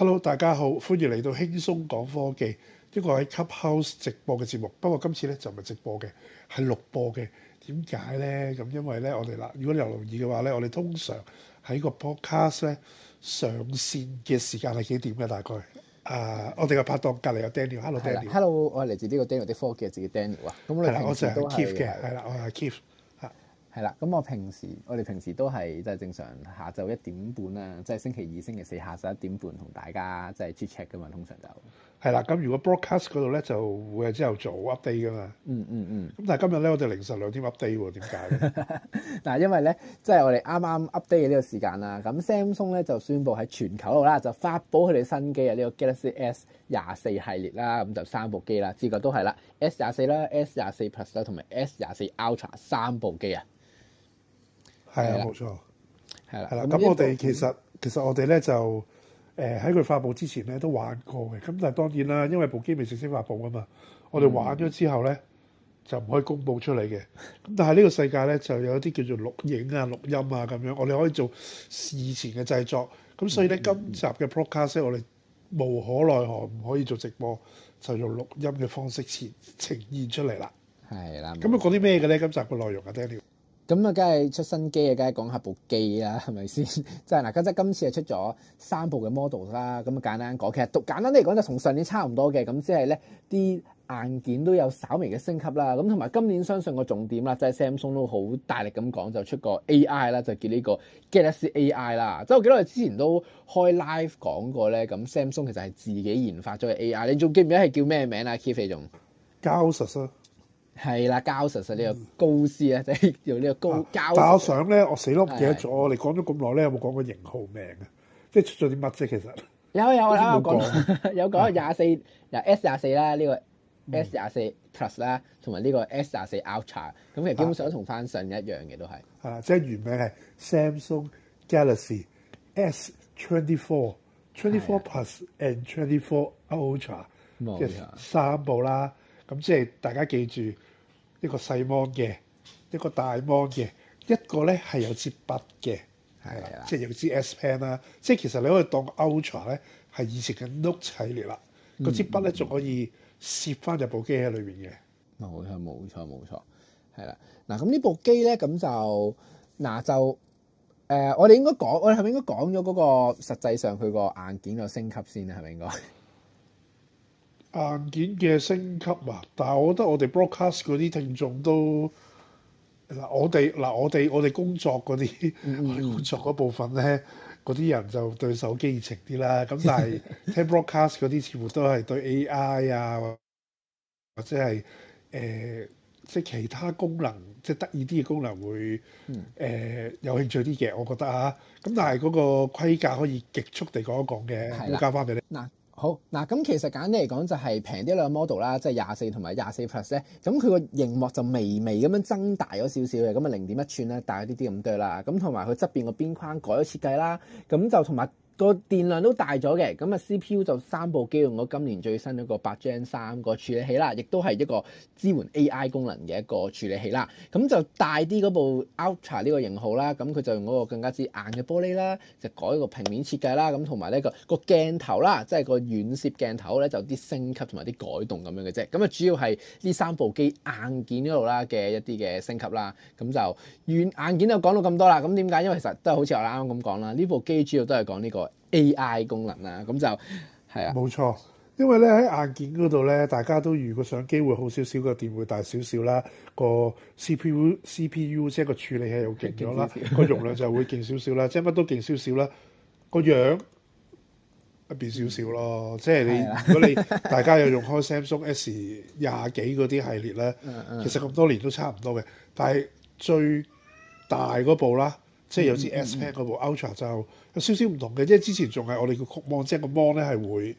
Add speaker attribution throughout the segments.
Speaker 1: Hello，大家好，歡迎嚟到輕鬆講科技一個喺 Clubhouse 直播嘅節目，不過今次咧就唔係直播嘅，係錄播嘅。點解咧？咁因為咧，我哋嗱，如果你有留意嘅話咧，我哋通常喺個 podcast 咧上線嘅時間係幾點嘅大概？
Speaker 2: 啊的，uh, 我哋嘅拍檔隔離有 Daniel，Hello 的 Daniel，Hello，我係嚟自呢個 Daniel 的科技，自己 Daniel 啊，咁我哋的平時都係，係啦，我係 Keith。係啦，咁我平時我哋平時都係即係正常下晝一點半啦，即係星期二、星期四下晝一點半同大家即係 check check 噶嘛，通常就
Speaker 1: 係啦。咁如果 broadcast 嗰度咧就會係之後做 update 噶嘛。嗯
Speaker 2: 嗯嗯。咁但係今日咧我哋凌晨兩點 update 喎，點解？嗱， 因為咧即係我哋啱啱 update 嘅呢個時間啦。咁 Samsung 咧就宣布喺全球度啦就發佈佢哋新機啊，呢個 Galaxy S 廿四系列啦，咁就三部機啦，自覺都係啦，S 廿四啦、S 廿四 Plus 啦同埋 S 廿四 Ultra 三部機啊。係啊，冇錯，係啦。咁我哋其實
Speaker 1: 其實我哋咧就誒喺佢發布之前咧都玩過嘅。咁但係當然啦，因為部機未正式發布啊嘛，
Speaker 2: 我哋玩
Speaker 1: 咗之後咧、嗯、就唔可以公佈出嚟嘅。咁但係呢個世界咧就有一啲叫做錄影啊、錄音啊咁樣，我哋可以做事前嘅製作。咁所以咧，今集嘅 podcast 我哋無可奈何唔可以做直播，就用錄音嘅方式呈呈現出嚟啦。係啦、嗯，
Speaker 2: 咁啊講啲咩嘅咧？今集嘅內容啊 Daniel？咁啊，梗係出新機啊，梗係講下部機啦，係咪先？即係嗱，即係今次係出咗三部嘅 model 啦。咁啊，簡單講，其實讀簡單啲嚟講，就同上年差唔多嘅。咁即係咧啲硬件都有稍微嘅升級啦。咁同埋今年相信個重點啦，即係 Samsung 都好大力咁講，就出個 AI 啦，就叫呢個 Galaxy AI 啦。即係我記得我之前都開 live 講過咧，咁 Samsung 其實係自己研發咗個 AI。你仲記唔記得係叫咩名啊？Keeve，你仲？Gauss 啊。係啦，教實實呢個高師咧，即係叫呢個高教、啊。但
Speaker 1: 相我咧，我死都唔記得咗。我哋講咗咁耐咧，有冇講過型號名是是啊？即係出咗啲乜啫？其實？
Speaker 2: 有有我啱啱講，有講廿四，廿 S 廿四啦，呢個 S 廿四 Plus 啦，同埋呢個 S 廿四、嗯、Ultra。咁其實基本上同翻信一樣嘅都係。
Speaker 1: 係啦、啊，即係原名係 Samsung Galaxy S Twenty Four、Twenty Four Plus and Twenty Four Ultra，
Speaker 2: 即係、啊、
Speaker 1: 三部啦。咁即係大家記住。一個細芒嘅，一個大芒嘅，一個咧係有支筆嘅，係啦的，即係有支 S Pen 啦，en, 即係其實你可以當 Ultra 咧係以前嘅 note
Speaker 2: 起嚟啦，嗰、嗯、支筆咧仲可以攝翻入機裏、嗯嗯、部機喺裏邊嘅。冇錯，冇錯，冇錯，係啦。嗱咁呢部機咧，咁就嗱就誒，我哋應該講，我哋係咪應該講咗嗰個實際上佢個硬件嘅升級先咧？係咪應該？硬件嘅升級啊，但係我覺得我哋 broadcast
Speaker 1: 嗰啲聽眾都嗱，我哋嗱我哋我哋工作嗰啲， 我哋工作部分咧，嗰啲人就對手機熱情啲啦。咁但係聽 broadcast 嗰啲似乎都係對 AI 啊，或者係誒即係其他功能，即係得意啲嘅功能會誒、呃、有興趣啲
Speaker 2: 嘅，我覺得吓、啊，咁但係嗰個規格可以極速地講一講嘅，交翻俾你。好嗱，咁其實簡單嚟講，就係平啲兩個 model 啦，即係廿四同埋廿四 Plus 咧。咁佢個熒幕就微微咁樣增大咗少少嘅，咁啊零點一寸啦，大啲啲咁對啦。咁同埋佢側邊個邊框改咗設計啦，咁就同埋。個電量都大咗嘅，咁啊 CPU 就三部機用咗今年最新一個8 Gen 3個處理器啦，亦都係一個支援 AI 功能嘅一個處理器啦。咁就大啲嗰部 Ultra 呢個型號啦，咁佢就用嗰個更加之硬嘅玻璃啦，就改個平面設計啦，咁同埋呢個個鏡頭啦，即係個遠攝鏡頭咧，就啲升級同埋啲改動咁樣嘅啫。咁啊主要係呢三部機硬件嗰度啦嘅一啲嘅升級啦，咁就軟硬件就講到咁多啦。咁點解？因為其實都係好似我啱啱咁講啦，呢部機主要都係講呢個。AI 功能啦，咁就係啊，冇、啊、錯，
Speaker 1: 因為咧喺硬件嗰度咧，大家都如果想機會好少少，個電會大少少啦，個 CPU、CPU 即係個處理器又勁咗啦，個 容量就會勁少少啦，即係乜都勁少少啦，個樣變少少咯，嗯、即係你是、啊、 如果你大家有用開 Samsung S 廿幾嗰啲系列咧， 其實咁多年都差唔多嘅，但係最大嗰部啦。嗯、即係有支 S, S,、嗯、S, S Pen 嗰部 Ultra 就有少少唔同嘅，即係之前仲係我哋叫曲芒，即係個芒咧係會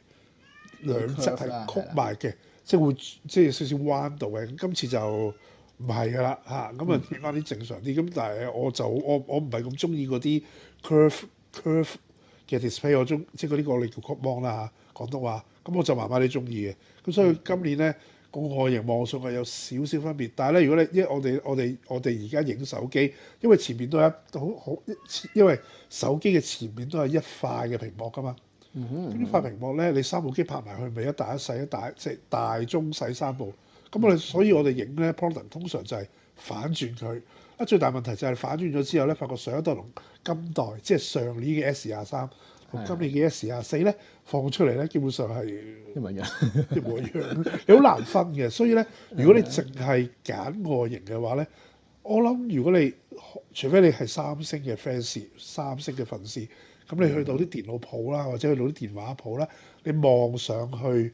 Speaker 1: 兩側係曲埋嘅、嗯，即係會即係少少彎度嘅。今次就唔係㗎啦嚇，咁、嗯、啊、嗯、變返啲正常啲。咁但係我就我我唔係咁中意嗰啲 curve curve 嘅 display，我中即係嗰啲我哋叫曲芒啦，廣東話咁我就慢慢啲中意嘅。咁所以今年咧。嗯個外形望上去有少少分別，但係咧，如果你因為我哋我哋我哋而家影手機，因為前面都係一好好，因為手機嘅前面都係一塊嘅屏幕㗎嘛。呢塊、mm hmm。屏幕咧，你三部機拍埋去，咪一大一細，一大即係、就是、大中細三部。咁我哋，所以我哋影咧，product 通常就係反轉佢。啊，最大問題就係反轉咗之後咧，發覺上一代同今代，即係上年嘅 S 二三。今年嘅 S 廿四咧放出嚟咧，基本上係一模一樣，一模一樣，你好 難分嘅。所以咧，如果你淨係揀外形嘅話咧，的我諗如果你除非你係三星嘅 fans，三星嘅粉絲，咁你去到啲電腦鋪啦，或者去到啲電話鋪啦，你望上去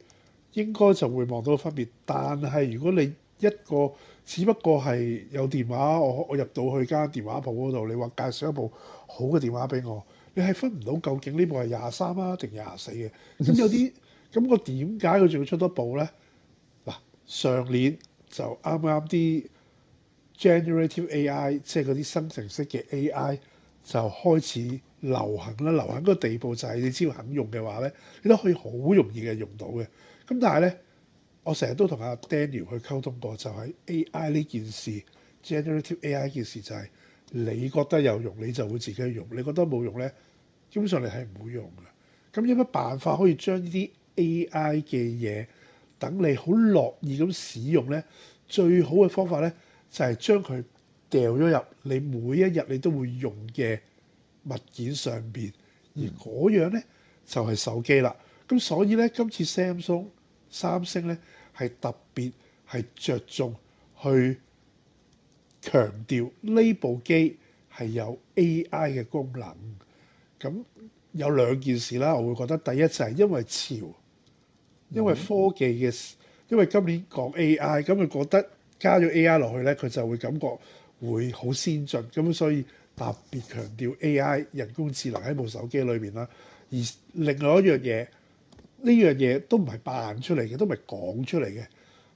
Speaker 1: 應該就會望到分別。但係如果你一個，只不過係有電話，我我入到去間電話鋪嗰度，你話介紹一部好嘅電話俾我。你係分唔到究竟呢部係廿三啊定廿四嘅，咁有啲咁我點解佢仲要出多部咧？嗱，上年就啱啱啲 generative AI，即係嗰啲新程式嘅 AI 就開始流行啦。流行嗰地步就係你只要肯用嘅話咧，你都可以好容易嘅用到嘅。咁但係咧，我成日都同阿 Daniel 去溝通過，就係 AI 呢件事，generative AI 件事就係你覺得有用，你就會自己去用；你覺得冇用咧。基本上你係唔會用嘅。咁有乜辦法可以將呢啲 AI 嘅嘢等你好樂意咁使用咧？最好嘅方法咧就係將佢掉咗入你每一日你都會用嘅物件上邊，而嗰樣咧就係手機啦。咁所以咧，今次 Samsung 三星咧係特別係着重去強調呢部機係有 AI 嘅功能。咁有兩件事啦，我會覺得第一就係因為潮，因為科技嘅，因為今年講 AI，咁佢覺得加咗 AI 落去咧，佢就會感覺會好先進，咁所以特別強調 AI 人工智能喺部手機裏面啦。而另外一樣嘢，呢樣嘢都唔係扮出嚟嘅，都唔係講出嚟嘅。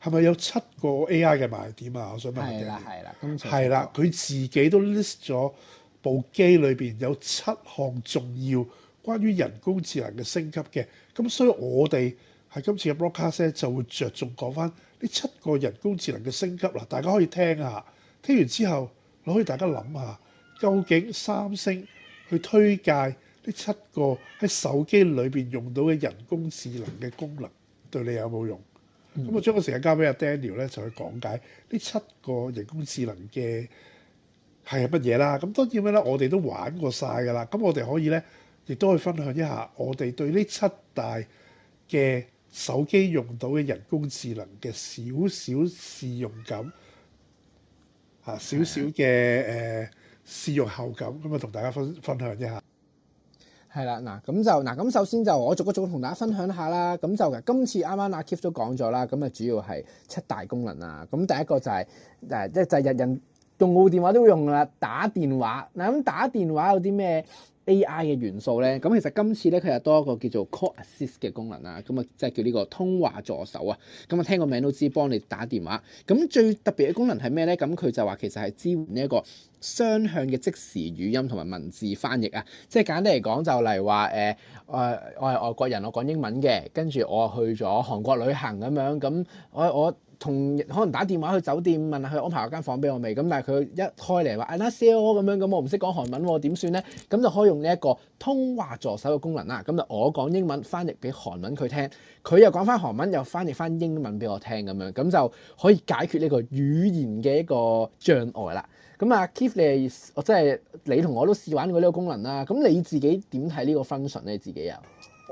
Speaker 1: 係咪有七個 AI 嘅賣點啊？我想問下。係啦的，係啦的，咁係啦，佢自己都 list 咗。部機裏邊有七項重要關於人工智能嘅升級嘅，咁所以我哋喺今次嘅 broadcast 就會着重講翻呢七個人工智能嘅升級啦。大家可以聽下，聽完之後你可以大家諗下，究竟三星去推介呢七個喺手機裏邊用到嘅人工智能嘅功能，對你有冇用？咁我，將個時間交俾阿 Daniel 咧，就去講解呢七個人工智能嘅。係乜嘢啦？咁當然咧，我哋都玩過晒㗎啦。咁我哋可以咧，亦都可以分享一下我哋對呢七大嘅手機用到嘅人工智能嘅少少試用感，吓少少嘅誒試用後感，咁啊同大
Speaker 2: 家分享一下。係啦，嗱咁就嗱咁首先就我逐個逐個同大家分享一下啦。咁就嘅今次啱啱阿 Keith 都講咗啦。咁啊主要係七大功能啊。咁第一個就係誒即係就係印。用號電話都會用噶啦，打電話嗱咁打電話有啲咩 AI 嘅元素咧？咁其實今次咧佢又多一個叫做 Call Assist 嘅功能啊，咁啊即係叫呢個通話助手啊。咁啊聽個名都知幫你打電話。咁最特別嘅功能係咩咧？咁佢就話其實係支援呢一個雙向嘅即時語音同埋文字翻譯啊。即係簡單嚟講，就例如話誒誒，我係外國人，我講英文嘅，跟住我去咗韓國旅行咁樣，咁我我。我同可能打電話去酒店問下佢安排個間房俾我未？咁但係佢一開嚟話啊，那 sale 咁樣咁，我唔識講韓文喎，點算呢？咁就可以用呢一個通話助手嘅功能啦。咁就我講英文翻譯俾韓文佢聽，佢又講翻韓文又翻譯翻英文俾我聽咁樣，咁就可以解決呢個語言嘅一個障礙啦。咁啊，Keith，e 你係我即係你同我都試玩過呢個功能啦。咁你自己點睇呢個 function 咧？自己有？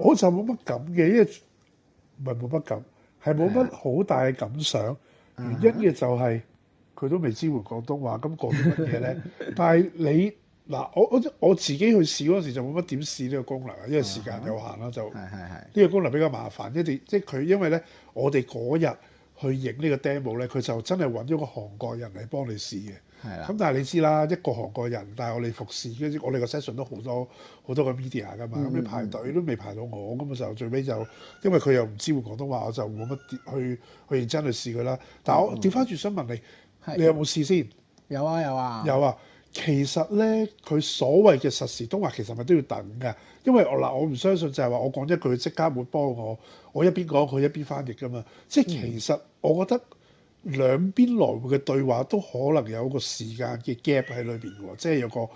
Speaker 2: 我就冇乜感嘅，因為唔係冇乜感。係冇乜好大嘅感想，的原因嘅就係
Speaker 1: 佢都未支援廣東話，咁講啲乜嘢咧？呢 但係你嗱，我我我自己去試嗰陣時就冇乜點試呢個功能，因為時間有限啦，就係係係呢個功能比較麻煩，即係即係佢因為咧，我哋嗰日去影呢個 demo 咧，佢就真係揾咗個韓國人嚟幫你試嘅。咁但係你知啦，一個韓國人，但係我哋服侍，跟住我哋個 session 都好多好多個 media 噶嘛，咁你、嗯嗯、排隊都未排到我，咁嘅時候最尾就因為佢又唔知會廣東話，我就冇乜去去認真去試佢啦。但係我調翻轉想問你，的你有冇試先？有啊，有啊。有啊，其實咧，佢所謂嘅實時通話，其實咪都要等嘅，因為我嗱，我唔相信就係話我講一句，佢即刻會幫我。我一邊講，佢一邊翻譯噶嘛，即係其實我覺得。嗯兩邊來回嘅對話都可能有個時間嘅 gap 喺裏邊喎，即係有個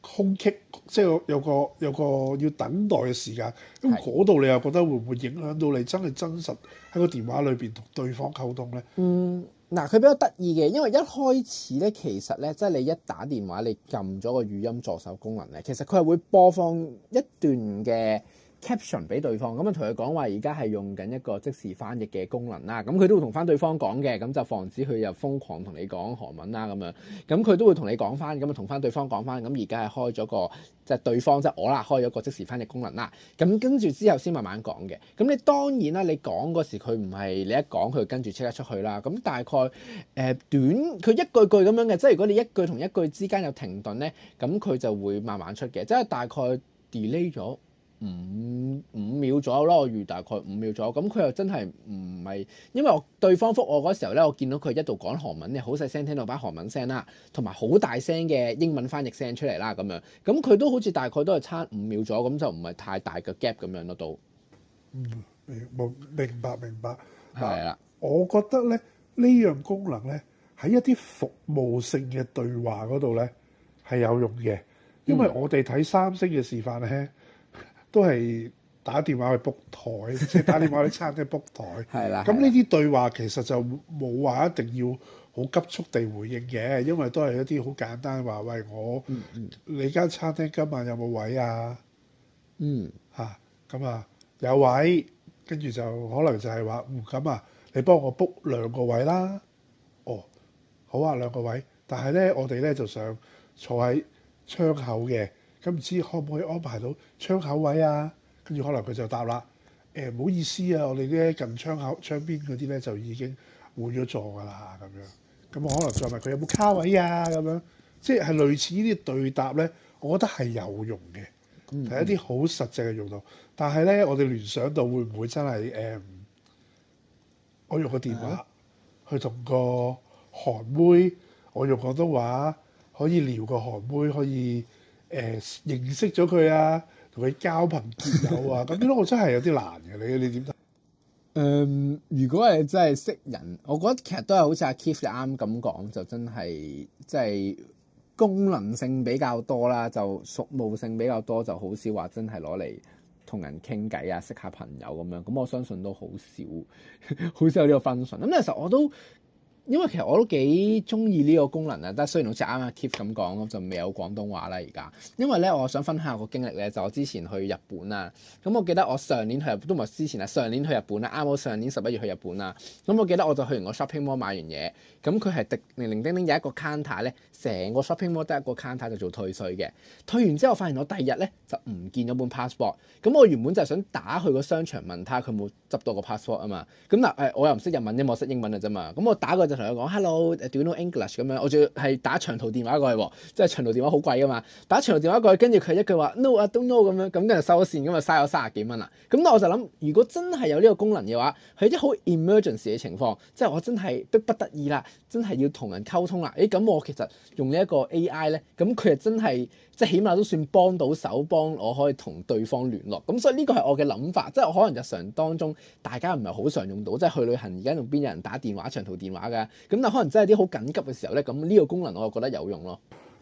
Speaker 1: 空隙，即係有個有個要等待嘅時間。咁嗰度你又覺得會唔會影響到你真係真實喺個電話裏邊同對方溝
Speaker 2: 通呢？嗯，嗱，佢比較得意嘅，因為一開始呢，其實呢，即係你一打電話，你撳咗個語音助手功能呢，其實佢係會播放一段嘅。caption 俾對方咁啊，同佢講話而家係用緊一個即時翻譯嘅功能啦。咁佢都會同翻對方講嘅，咁就防止佢又瘋狂同你講韓文啦咁樣。咁佢都會同你講翻，咁啊同翻對方講翻。咁而家係開咗個即係、就是、對方即係、就是、我啦，開咗個即時翻譯功能啦。咁跟住之後先慢慢講嘅。咁你當然啦，你講嗰時佢唔係你一講佢跟住即刻出去啦。咁大概誒、呃、短佢一句句咁樣嘅，即係如果你一句同一句之間有停頓咧，咁佢就會慢慢出嘅，即係大概 delay 咗。五五秒左右咯，我預大概五秒左右。咁佢又真係唔係，因為我對方覆我嗰時候咧，我見到佢一度講韓文咧，好細聲聽到把韓文聲啦，同埋好大聲嘅英文翻譯聲出嚟啦。咁樣咁佢都好似大概都係差五秒咗，咁就唔係太大嘅 gap 咁樣咯。到
Speaker 1: 嗯明明白明白係啦。明白的我覺得咧呢樣、這個、功能咧喺一啲服務性嘅對話嗰度咧係有用嘅，因為我哋睇三星嘅示範咧。嗯都係打電話去 book 台，即係 打電話去餐廳 book 台。係啦，咁呢啲對話其實就冇話一定要好急速地回應嘅，因為都係一啲好簡單話。喂，我嗯嗯你間餐廳今晚有冇位啊？嗯、啊？嗯，嚇咁啊，有位，跟住就可能就係話，嗯，咁啊，你幫我 book 兩個位啦。哦，好啊，兩個位，但係咧，我哋咧就想坐喺窗口嘅。咁唔知可唔可以安排到窗口位啊？跟住可能佢就答啦。誒、哎，唔好意思啊，我哋呢近窗口窗邊嗰啲咧就已經換咗座㗎啦。咁樣咁可能再問佢有冇卡位啊？咁樣即係類似呢啲對答咧，我覺得係有用嘅，係一啲好實際嘅用途。但係咧，我哋聯想到會唔會真係誒、嗯？我用個電話去同個韓妹，我用廣東話可以撩個韓妹，可以。誒、
Speaker 2: 呃、認識咗佢啊，同佢交朋結友啊，咁點咧？我真係有啲難嘅，你你點睇？誒、嗯，如果係真係識人，我覺得其實都係好似阿 Keith 啱咁講，就真係即係功能性比較多啦，就服務性比較多，就好少話真係攞嚟同人傾偈啊，識下朋友咁樣。咁我相信都好少，好少有呢個 function。咁其實我都。因為其實我都幾中意呢個功能啊，但係雖然好似啱啱 Keith 咁講，就未有廣東話啦而家。因為咧，我想分享個經歷咧，就是，我之前去日本啦。咁我記得我上年去日本，都唔係之前啊，上年去日本啦，啱好上年十一月去日本啦。咁我記得我就去完個 shopping mall 買完嘢，咁佢係零零丁丁有一個 counter 咧。成個 shopping mall 得一個 counter 就做退稅嘅，退完之後發現我第二日咧就唔見咗本 passport。咁我原本就想打去個商場問下佢冇執到個 passport 啊嘛。咁嗱誒，我又唔識日文啫，我識英文啊啫嘛。咁我打過就同佢講 hello，do you know English 咁樣，我仲要係打長途電話過去喎，即係長途電話好貴噶嘛。打長途電話過去，跟住佢一句話 no，I don't know 咁樣，咁跟住收咗線，咁啊嘥咗三十幾蚊啦。咁嗱，我就諗如果真係有呢個功能嘅話，喺啲好 emergency 嘅情況，即係我真係逼不得已啦，真係要同人溝通啦。誒，咁我其實。用呢一個 AI 呢，咁佢又真係即係起碼都算幫到手，幫我可以同對方聯絡。咁所以呢個係我嘅諗法，即我可能日常當中大家唔係好常用到，即係去旅行而家用邊有人打電話長途電話㗎？咁但可能真係啲好緊急嘅時候呢，咁呢個功能我又覺得有用咯。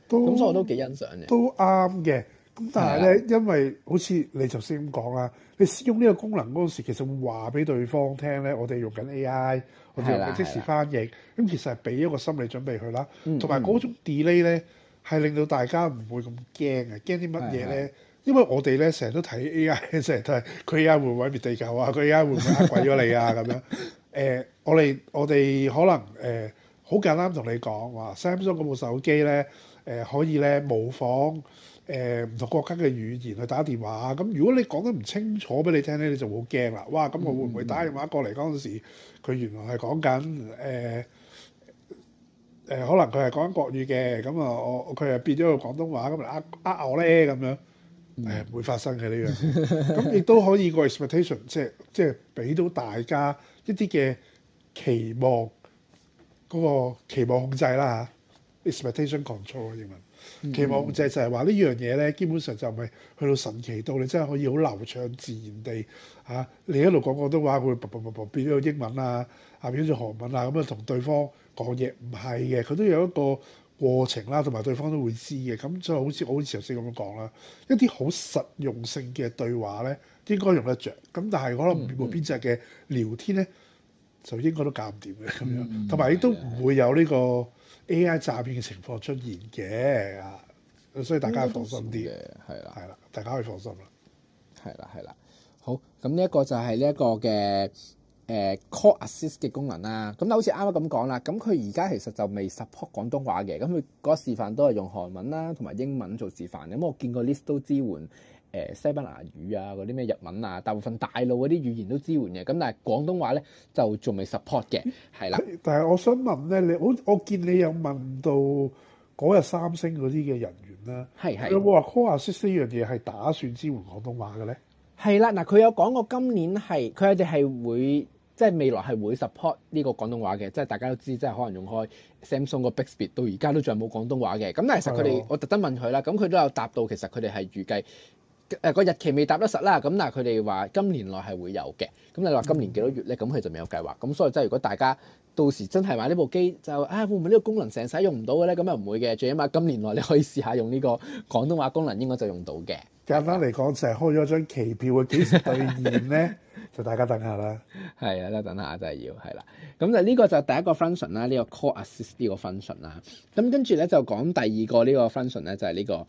Speaker 2: 咁都所以我都幾欣賞嘅。
Speaker 1: 都啱嘅。咁但係呢，的因為好似你頭先咁講啊，你使用呢個功能嗰時，其實會話俾對方聽呢，我哋用緊 AI。我哋即時翻譯，咁的其實係俾一個心理準備佢啦，同埋嗰種 delay 咧係令到大家唔會咁驚啊，驚啲乜嘢咧？的因為我哋咧成日都睇 AI，成日都係佢而家會唔會毀滅地球啊，佢而家會唔會蝦鬼咗你啊咁 樣。誒、呃，我哋我哋可能誒好、呃、簡單同你講話，Samsung 嗰部手機咧。誒、呃、可以咧模仿誒唔、呃、同國家嘅語言去打電話，咁如果你講得唔清楚俾你聽咧，你就會好驚啦！哇，咁我會唔會打電話過嚟嗰陣時，佢、嗯、原來係講緊誒誒，可能佢係講緊國語嘅，咁啊我佢係變咗個廣東話，咁嚟呃呃我咧咁樣唔、嗯、會發生嘅呢樣，咁、這、亦、個、 都可以個 expectation 即係即係俾到大家一啲嘅期望嗰、那個期望控制啦嚇。Expectation control 啊，英文控控控控，期望就係就係話呢樣嘢咧，基本上就咪去到神奇到你真係可以好流暢自然地嚇、啊，你一路講廣東話，佢變咗英文啊，啊變咗韓文啊，咁樣同對方講嘢，唔係嘅，佢都有一個過程啦，同埋對方都會知嘅。咁就好似我好似頭先咁樣講啦，一啲好實用性嘅對話咧，應該用得着。咁但係可能邊邊隻嘅聊天咧，就應該都搞唔掂嘅咁樣，同埋亦都唔會有呢、呢個。A.I. 詐騙嘅情況出現嘅啊，所以大家可以放心啲嘅，係啦，係啦，大家可以放心啦，
Speaker 2: 係啦，係啦，好，咁呢一個就係呢一個嘅誒、呃、Call Assist 嘅功能啦。咁咧好似啱啱咁講啦，咁佢而家其實就未 support 廣東話嘅，咁、那、佢個示範都係用韓文啦同埋英文做示範。咁我見個 list 都支援。誒西班牙語啊，嗰啲咩日文啊，大部分大陸嗰啲語言都支援嘅，咁但係廣東話咧就仲未 support 嘅，係啦。但係我想問咧，你好，我
Speaker 1: 見你有問到嗰日三星嗰啲嘅人員啦，係係的有冇話 Call Assist
Speaker 2: 呢樣嘢係打算支援廣東話嘅咧？係啦，嗱，佢有講過今年係佢哋係會即係未來係會 support 呢個廣東話嘅。即係大家都知，即係可能用開 Samsung 個 Bixby 到而家都仲有冇廣東話嘅，咁但係其實佢哋的我特登問佢啦，咁佢都有答到，其實佢哋係預計。誒個日期未答得實啦，咁但係佢哋話今年內係會有嘅，咁你話今年幾多月咧？咁佢就未有計劃，咁、嗯、所以真係如果大家到時真係買呢部機就啊、哎、會唔會呢個功能成使用唔到嘅咧？咁又唔會嘅，最起碼今年內你可以試下用呢個廣東話功能，應該就用到嘅。
Speaker 1: 簡單嚟講，成、就係、開咗張期票嘅幾時兌現咧？ 就大家等下
Speaker 2: 啦。係啊，得等下真係要係啦。咁就呢個就第一個 function 啦，呢個 call assist 呢個 function 啦。咁跟住咧就講第二個呢個 function 咧，就係呢、呢個。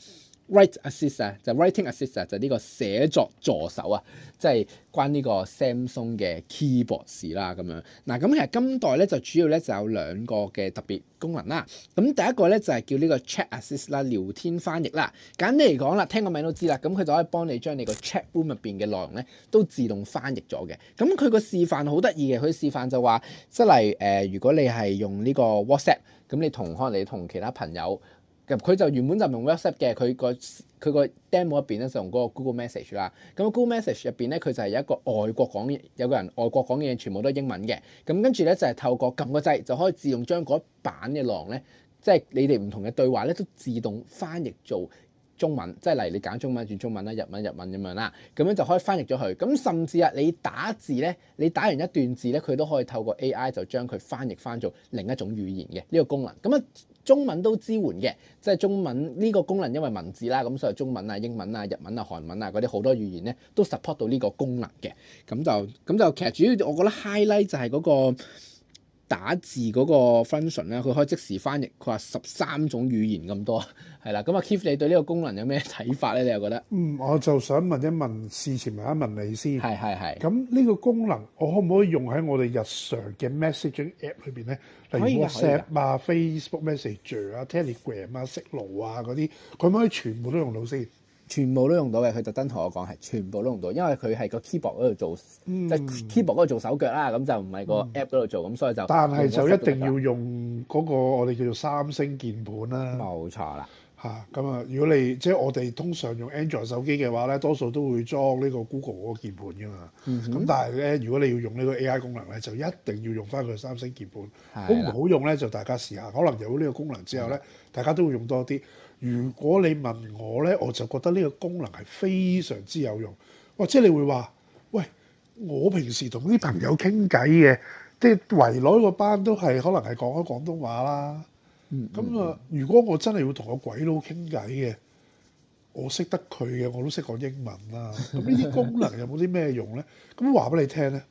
Speaker 2: Write assist 啊，就 writing assist 啊，就呢個寫作助手啊，即係關呢個 Samsung 嘅 keyboard 事啦咁樣。嗱，咁其實今代咧就主要咧就有兩個嘅特別功能啦。咁第一個咧就係叫呢個 chat assist 啦，聊天翻譯啦。簡單嚟講啦，聽個名都知啦，咁佢就可以幫你將你個 chat room 入邊嘅內容咧都自動翻譯咗嘅。咁佢個示範好得意嘅，佢示範就話即係誒，如果你係用呢個 WhatsApp，咁你同可能你同其他朋友。其實佢就原本就唔用 WhatsApp 嘅，佢個佢個 demo 入邊咧就用嗰個 Google Message 啦。咁 Google Message 入邊咧，佢就係有一個外國講有個人外國講嘅嘢全部都係英文嘅。咁跟住咧就係、是、透過撳個掣，就可以自動將嗰版嘅狼咧，即係你哋唔同嘅對話咧都自動翻譯做中文。即係例如你揀中文轉中文啦，日文日文咁樣啦，咁樣就可以翻譯咗佢。咁甚至啊，你打字咧，你打完一段字咧，佢都可以透過 AI 就將佢翻譯翻做另一種語言嘅呢、這個功能。咁啊～中文都支援嘅，即係中文呢、這個功能，因為文字啦，咁所以中文啊、英文啊、日文啊、韓文啊嗰啲好多語言咧，都 support 到呢個功能嘅，咁就咁就其實主要我覺得 highlight 就係嗰、那個。打字嗰個 function 咧，佢可以即時翻譯。佢話十三種語言咁多，係 啦。咁啊 k e i t h 你對呢個功能有咩睇法咧？你又覺得？
Speaker 1: 嗯，我就想問一問，事前問一問你先。係係係。咁呢個功能，我可唔可以用喺我哋日常嘅 Messaging app 裏邊咧？例如 WhatsApp 啊、Facebook Messenger gram, 啊、Telegram 啊、s i 啊嗰啲，佢可唔可以全部都用到先？
Speaker 2: 全部都用到嘅，佢特登同我講係全部都用到，因為佢係個 keyboard 嗰度做，即係 keyboard 嗰度做手腳啦，咁就唔係個 app 嗰度做，咁所以就但係就一定要用嗰個
Speaker 1: 我哋叫做三星鍵盤啦。冇錯啦，嚇咁啊！如果你即係我哋通常用 Android 手機嘅話咧，多數都會裝呢個 Google 嗰個鍵盤噶嘛。咁但係咧，如果你要用呢個 AI 功能咧，就一定要用翻佢三星鍵盤。好唔好用咧，就大家試下。可能有呢個功能之後咧，大家都會用多啲。如果你問我咧，我就覺得呢個功能係非常之有用。或者你會話，喂，我平時同啲朋友傾偈嘅，即係圍內個班都係可能係講緊廣東話啦。咁啊，如果我真係要同個鬼佬傾偈嘅，我識得佢嘅，我都識講英文啦、啊。咁呢啲功能有冇啲咩用咧？咁話俾你聽咧，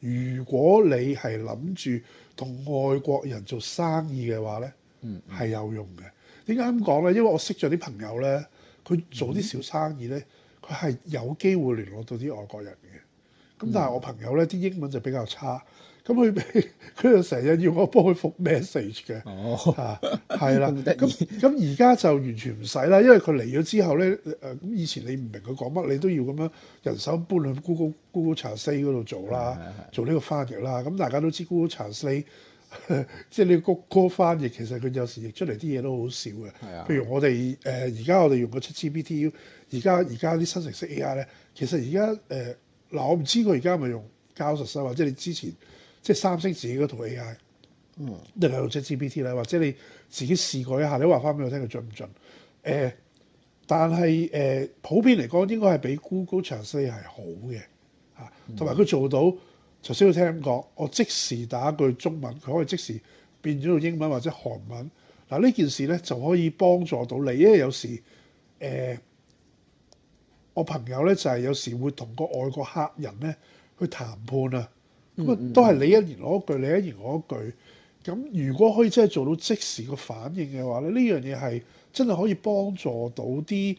Speaker 1: 如果你係諗住同外國人做生意嘅話咧，係有用嘅。點解咁講咧？因為我識咗啲朋友咧，佢做啲小生意咧，佢係有機會聯絡到啲外國人嘅。咁但係我朋友咧，啲、嗯、英文就比較差。咁佢佢就成日要我幫佢覆 message 嘅。哦，係啦、啊。咁咁而家就完全唔使啦，因為佢嚟咗之後咧，誒咁以前你唔明佢講乜，你都要咁樣人手搬去 Google Google Translate 嗰度做啦，是的是的做呢個翻譯啦。咁大家都知 Google Translate。即係 你谷歌翻譯，其實佢有時譯出嚟啲嘢都好少嘅。係啊，譬如我哋誒而家我哋用嗰 ChatGPT 而家而家啲新型式 AI 咧，其實而家誒嗱，我唔知佢而家係咪用教實室，或者你之前即係三星自己嗰套 AI，嗯，定係用 ChatGPT 咧，或者你自己試過一下，你話翻俾我聽佢準唔準？誒、呃，但係誒、呃、普遍嚟講應該係比 Google Translate 係好嘅，嚇、啊，同埋佢做到。頭先我聽講，我即時打一句中文，佢可以即時變咗個英文或者韓文。嗱，呢件事呢就可以幫助到你，因為有時誒、欸，我朋友呢，就係、是、有時會同個外國客人呢去談判啊，咁都係你一言我一句，你一言我一句。咁如果可以真係做到即時個反應嘅話咧，呢樣嘢係真係可以幫助到啲。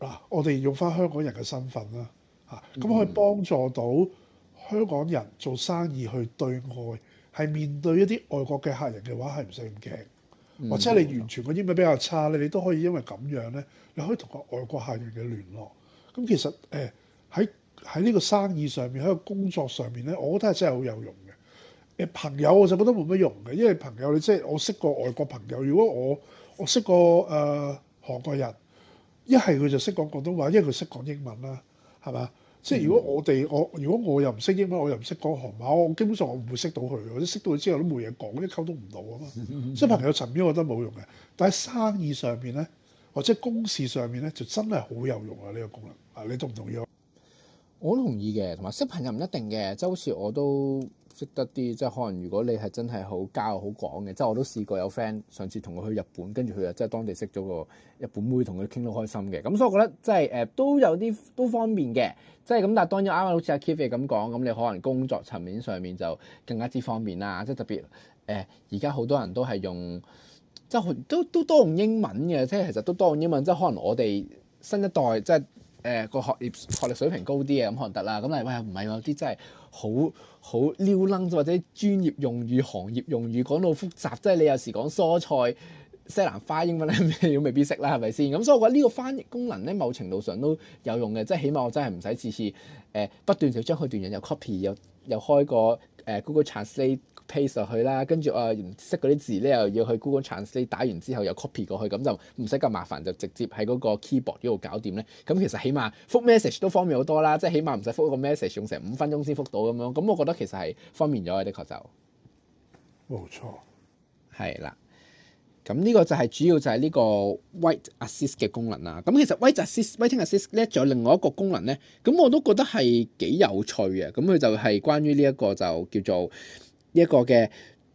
Speaker 1: 嗱，我哋用翻香港人嘅身份啦、啊，吓，咁可以幫助到。香港人做生意去對外係面對一啲外國嘅客人嘅話，係唔使咁驚，
Speaker 2: 或者你
Speaker 1: 完全個英文比較差咧，你都可以因為咁樣咧，你可以同個外國客人嘅聯絡。咁其實誒喺喺呢個生意上面喺個工作上面咧，我覺得係真係好有用嘅。誒、欸、朋友我就覺得冇乜用嘅，因為朋友你即係我識過外國朋友，如果我我識過誒、呃、韓國人，一係佢就識講廣東話，因為佢識講英文啦，係嘛？即係如果我哋我如果我又唔識英文我又唔識講韓文我基本上我唔會識到佢嘅，或者識到佢之後都冇嘢講，即係溝通唔到啊嘛。即係 朋友層面我覺得冇用嘅，但係生意上面咧，或者公事上面咧，就真係好有用啊！呢、這個功能啊，你同唔同意啊？我
Speaker 2: 好同意嘅，同埋識朋友唔一定嘅，即係好似我都。識得啲即係可能如果你係真係好交好講嘅，即係我都試過有 friend 上次同佢去日本，跟住佢又即係當地識咗個日本妹，同佢傾到開心嘅。咁、嗯、所以我覺得即係誒、呃、都有啲都方便嘅，即係咁。但係當然啱啱好似阿 Keeve 咁講，咁你可能工作層面上面就更加之方便啦。即係特別誒，而家好多人都係用即係都都多用英文嘅，即係其實都多用英文。即係可能我哋新一代即係。誒個學業學歷水平高啲嘅，咁可能得啦，咁但係喂，唔係喎，啲真係好好撩楞，或者專業用語、行業用語講到複雜，即係你有時講蔬菜西蘭花英文咧，咩 都未必識啦，係咪先？咁所以我覺得呢個翻譯功能咧，某程度上都有用嘅，即係起碼我真係唔使次次誒、呃、不斷就將佢段人又 copy 又又開個誒、呃、Google Translate。paste 落去啦，跟住我唔識嗰啲字咧，又要去 Google Translate 打完之後又 copy 過去，咁就唔使咁麻煩，就直接喺嗰個 keyboard 嗰度搞掂咧。咁、嗯、其實起碼覆 message 都方便好多啦，即係起碼唔使覆一個 message 用成五分鐘先覆到咁樣。咁、嗯、我覺得其實係方便咗嘅，的確就冇錯係啦。咁、嗯、呢、呢個就係主要就係呢個 Assist、嗯、Write Assist 嘅功能啦。咁其實 White Assist、Writing Assist 咧仲有另外一個功能咧，咁、嗯、我都覺得係幾有趣嘅。咁、嗯、佢就係關於呢一個就叫做。呢一個嘅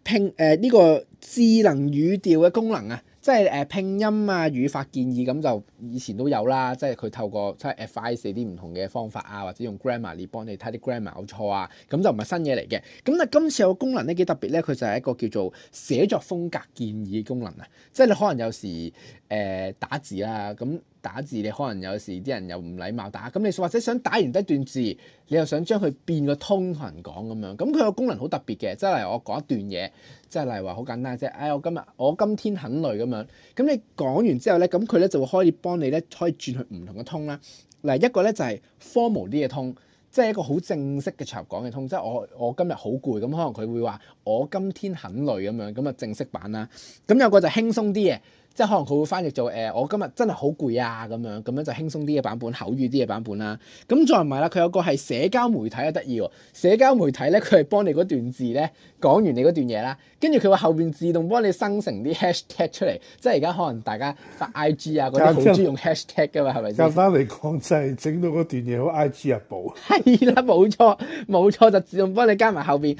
Speaker 2: 拼誒呢、呃、這個智能語調嘅功能啊，即係誒拼音啊語法建議咁就以前都有啦，即係佢透過即係 FI 四啲唔同嘅方法啊，或者用 grammar 嚟幫你睇啲 grammar 有錯啊，咁就唔係新嘢嚟嘅。咁但今次個功能咧幾特別咧，佢就係一個叫做寫作風格建議嘅功能啊，即係你可能有時誒、呃、打字啦咁。打字你可能有時啲人又唔禮貌，打咁你或者想打完一段字，你又想將佢變個通同人講咁樣，咁佢個功能好特別嘅，即係例如我講一段嘢，即係例如話好簡單啫，哎我今日我今天很累咁樣，咁你講完之後咧，咁佢咧就會可以幫你咧可以轉去唔同嘅通啦。嗱一個咧就係 formal 啲嘅通，即係一個好正式嘅場合講嘅通，即係我我今日好攰咁，可能佢會話我今天很累咁樣，咁啊正式版啦。咁有個就輕鬆啲嘅。即係可能佢會翻譯做誒、哎，我今日真係好攰啊咁樣，咁樣就輕鬆啲嘅版本、口語啲嘅版本啦。咁再唔係啦，佢有個係社交媒體啊得意喎，社交媒體咧佢係幫你嗰段字咧講完你嗰段嘢啦，跟住佢話後邊自動幫你生成啲 hashtag 出嚟，即係而家可能大家發 IG 啊嗰啲好中意用 hashtag 㗎嘛，係咪？簡
Speaker 1: 單嚟講真係整到嗰段嘢好 IG 啊噃。係
Speaker 2: 啦，冇 錯，冇錯，就自動幫你加埋後邊。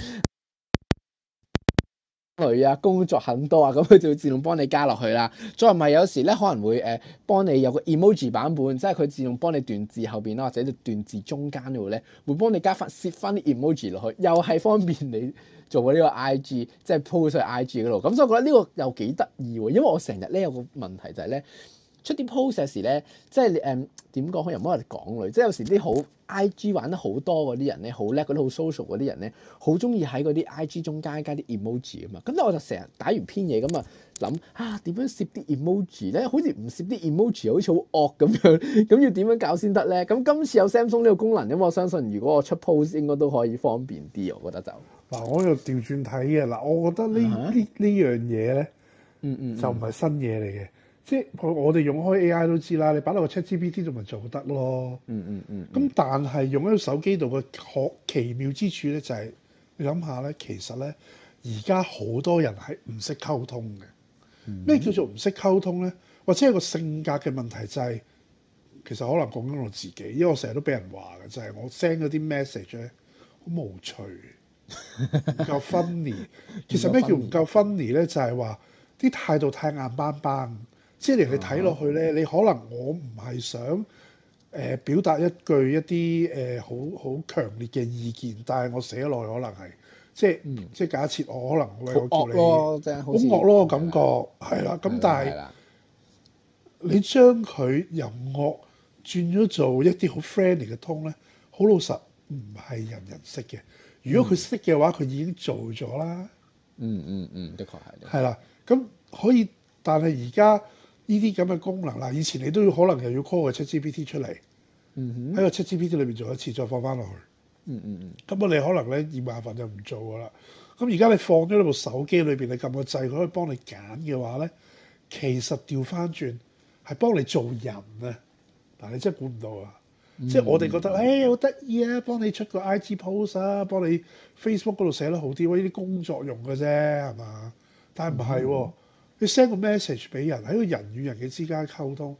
Speaker 2: 佢啊，工作很多啊，咁佢就會自動幫你加落去啦。再唔係有時咧，可能會誒幫你有個 emoji 版本，即係佢自動幫你斷字後邊啦，或者就斷字中間嗰度咧，會幫你加翻設翻啲 emoji 落去，又係方便你做嗰呢個 IG，即係 po 咗 IG 嗰度。咁所以我覺得呢個又幾得意喎，因為我成日咧有個問題就係咧。出啲 post、嗯、有，有時咧，即係誒點講，又唔好話講類。即係有時啲好 IG 玩得好多嗰啲人咧，好叻嗰啲好 social 嗰啲人咧，好中意喺嗰啲 IG 中間加啲 emoji 啊嘛。咁咧我就成日打完篇嘢咁啊，諗啊點樣攝啲 emoji 咧？好似唔攝啲 emoji 好似好惡咁樣。咁 要點樣搞先得咧？咁今次有 Samsung 呢個功能，咁我相信如果我出 post 應該都可以方便啲。我覺得就
Speaker 1: 嗱、啊，我又調轉睇嘅嗱，我覺得、uh huh. 呢呢呢樣嘢咧，嗯嗯，就唔係新嘢嚟嘅。即係我哋用開 AI 都知啦，你擺落個 ChatGPT 度咪做得咯。嗯嗯嗯。咁、嗯嗯、但係用喺手機度嘅學奇妙之處咧，就係、是、你諗下咧，其實咧而家好多人係唔識溝通嘅。咩、嗯、叫做唔識溝通咧？或者係個性格嘅問題就係、是、其實可能講緊我自己，因為我成日都俾人話嘅就係、是、我 send 嗰啲 message 咧好無趣，唔 夠 funny。其實咩叫唔夠 funny 咧？就係話啲態度太硬邦邦。即係你睇落去咧，啊、你可能我唔係想誒、呃、表達一句一啲誒好好強烈嘅意見，但係我寫落去可能係即係、嗯、即係假設我可能我惡我你，好惡咯，感覺係吧啦。咁但係吧你將佢由惡轉咗做一啲好 friendly 嘅 tone 咧，好老實唔係人人識嘅。如果佢識嘅話，佢已經做咗啦。
Speaker 2: 嗯嗯嗯，嗯，嗯，的確係係
Speaker 1: 啦。咁可以，但係而家。呢啲咁嘅功能啦，以前你都要可能又要 call 個 ChatGPT 出嚟，喺個 ChatGPT 裏邊做一次，再放翻落去。嗯嗯哼嗯。咁我你可能咧嫌麻煩就唔做噶啦。咁而家你放咗喺部手機裏邊，你撳個掣，佢可以幫你揀嘅話咧，其實調翻轉係幫你做人啊！嗱，你真係估唔到啊！即係我哋覺得，唉、嗯哼，好得意啊，幫你出個 IG post 啊，幫你 Facebook 嗰度寫得好啲。呢啲工作用嘅啫，係嘛？但係唔係喎。嗯。你 send 個 message 俾人喺個人與人嘅之間溝通，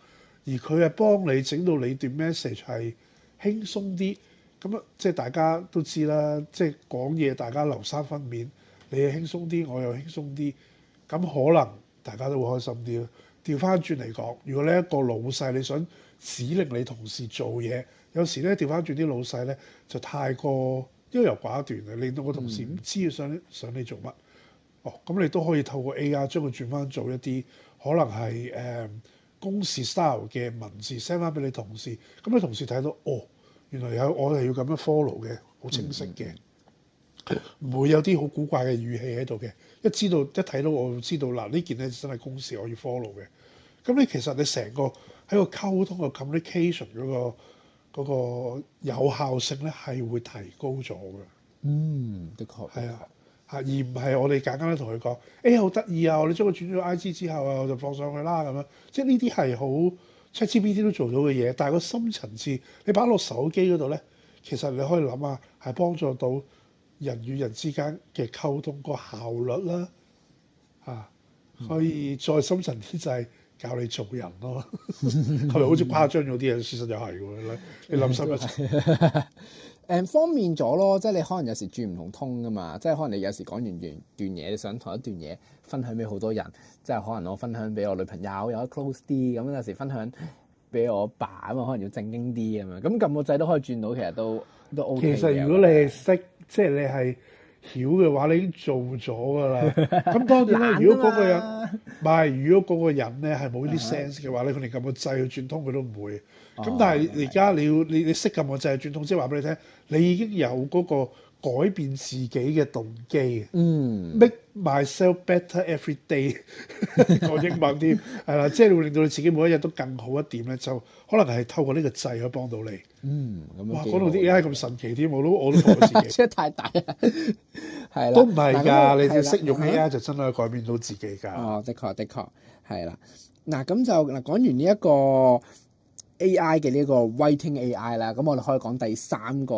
Speaker 1: 而佢係幫你整到你段 message 係輕鬆啲，咁啊即係大家都知啦，即係講嘢大家留三分面，你輕鬆啲，我又輕鬆啲，咁可能大家都會開心啲咯。調翻轉嚟講，如果你一個老細你想指令你同事做嘢，有時呢調翻轉啲老細呢就太過優柔寡斷嘅，令到個同事唔知佢想想你做乜。哦，咁你都可以透過 A.R. 將佢轉翻做一啲可能係誒、嗯、公事 style 嘅文字 send 翻俾你同事，咁、嗯、你同事睇到哦，原來有我係要咁樣 follow 嘅，好清晰嘅，唔、嗯、會有啲好古怪嘅語氣喺度嘅。一知道一睇到我就知道嗱，呢、啊、件咧真係公事我要 follow 嘅。咁、嗯、你其實你成個喺個溝通 commun、那個 communication 嗰、那個有效性咧係會提高咗㗎。嗯，的確係啊。嚇！而唔係我哋簡單咧同佢講，哎好得意啊！我哋將佢轉咗 IG 之後啊，我就放上去啦咁樣。即係呢啲係好 ChatGPT 都做到嘅嘢，但係個深層次，你擺落手機嗰度咧，其實你可以諗下係幫助到人與人之間嘅溝通個效率啦。嚇、啊！可以再深層啲就係教你做人咯，係 咪好似誇張咗啲嘢？
Speaker 2: 事實就係咁樣，你諗深一層，誒方便咗咯，即係你可能有時轉唔同通噶嘛，即係可能你有時講完段段嘢，你想同一段嘢分享俾好多人，即係可能我分享俾我女朋友有得 close 啲，咁有時分享俾我爸咁啊，可能要正經啲咁啊，咁撳個掣都可以轉到，其實都都 O、OK、K 其實如果你識，即、就、係、是、你係。曉嘅話，你已經做咗㗎喇。咁當然咧，如果嗰個人
Speaker 1: 唔係，如果嗰個人咧係冇呢啲 sense 嘅話咧，佢連撳個掣去轉通佢都唔會。咁、uh huh. 但係而家你要你你識撳個掣去轉通，即係話俾你聽，你已經有嗰、嗰個。改變自己嘅動機，嗯，make myself better every day，講英文添，係啦，即係會令到你自己每一日都更好一點咧，就可能係透過呢個掣去幫到你，
Speaker 2: 嗯，
Speaker 1: 哇，講到啲 AI 係咁神奇添，我都我都覺得
Speaker 2: 自己，即係太大啦，係啦，都唔係㗎，你要識用 AI 就真係改變到自己㗎，哦，的確的確係啦，嗱咁就嗱講完呢一個。AI 嘅呢個 writing AI 啦，咁我哋可以講第三個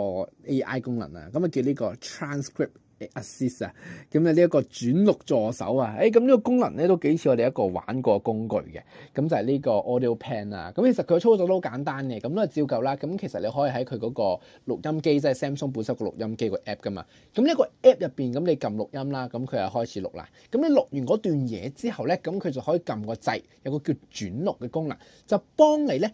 Speaker 2: AI 功能啊，咁啊叫呢個 Transcript Assist 啊，咁啊呢一個轉錄助手啊，誒咁呢個功能咧都幾似我哋一個玩過工具嘅，咁就係呢個 Audio Pen 啊，咁其實佢操作都好簡單嘅，咁都係照舊啦，咁其實你可以喺佢嗰個錄音機即係、就是、Samsung 本身個錄音機 APP，個 app 噶嘛，咁呢個 app 入邊咁你撳錄音啦，咁佢又開始錄啦，咁你錄完嗰段嘢之後咧，咁佢就可以撳個掣，有個叫轉錄嘅功能，就幫你咧。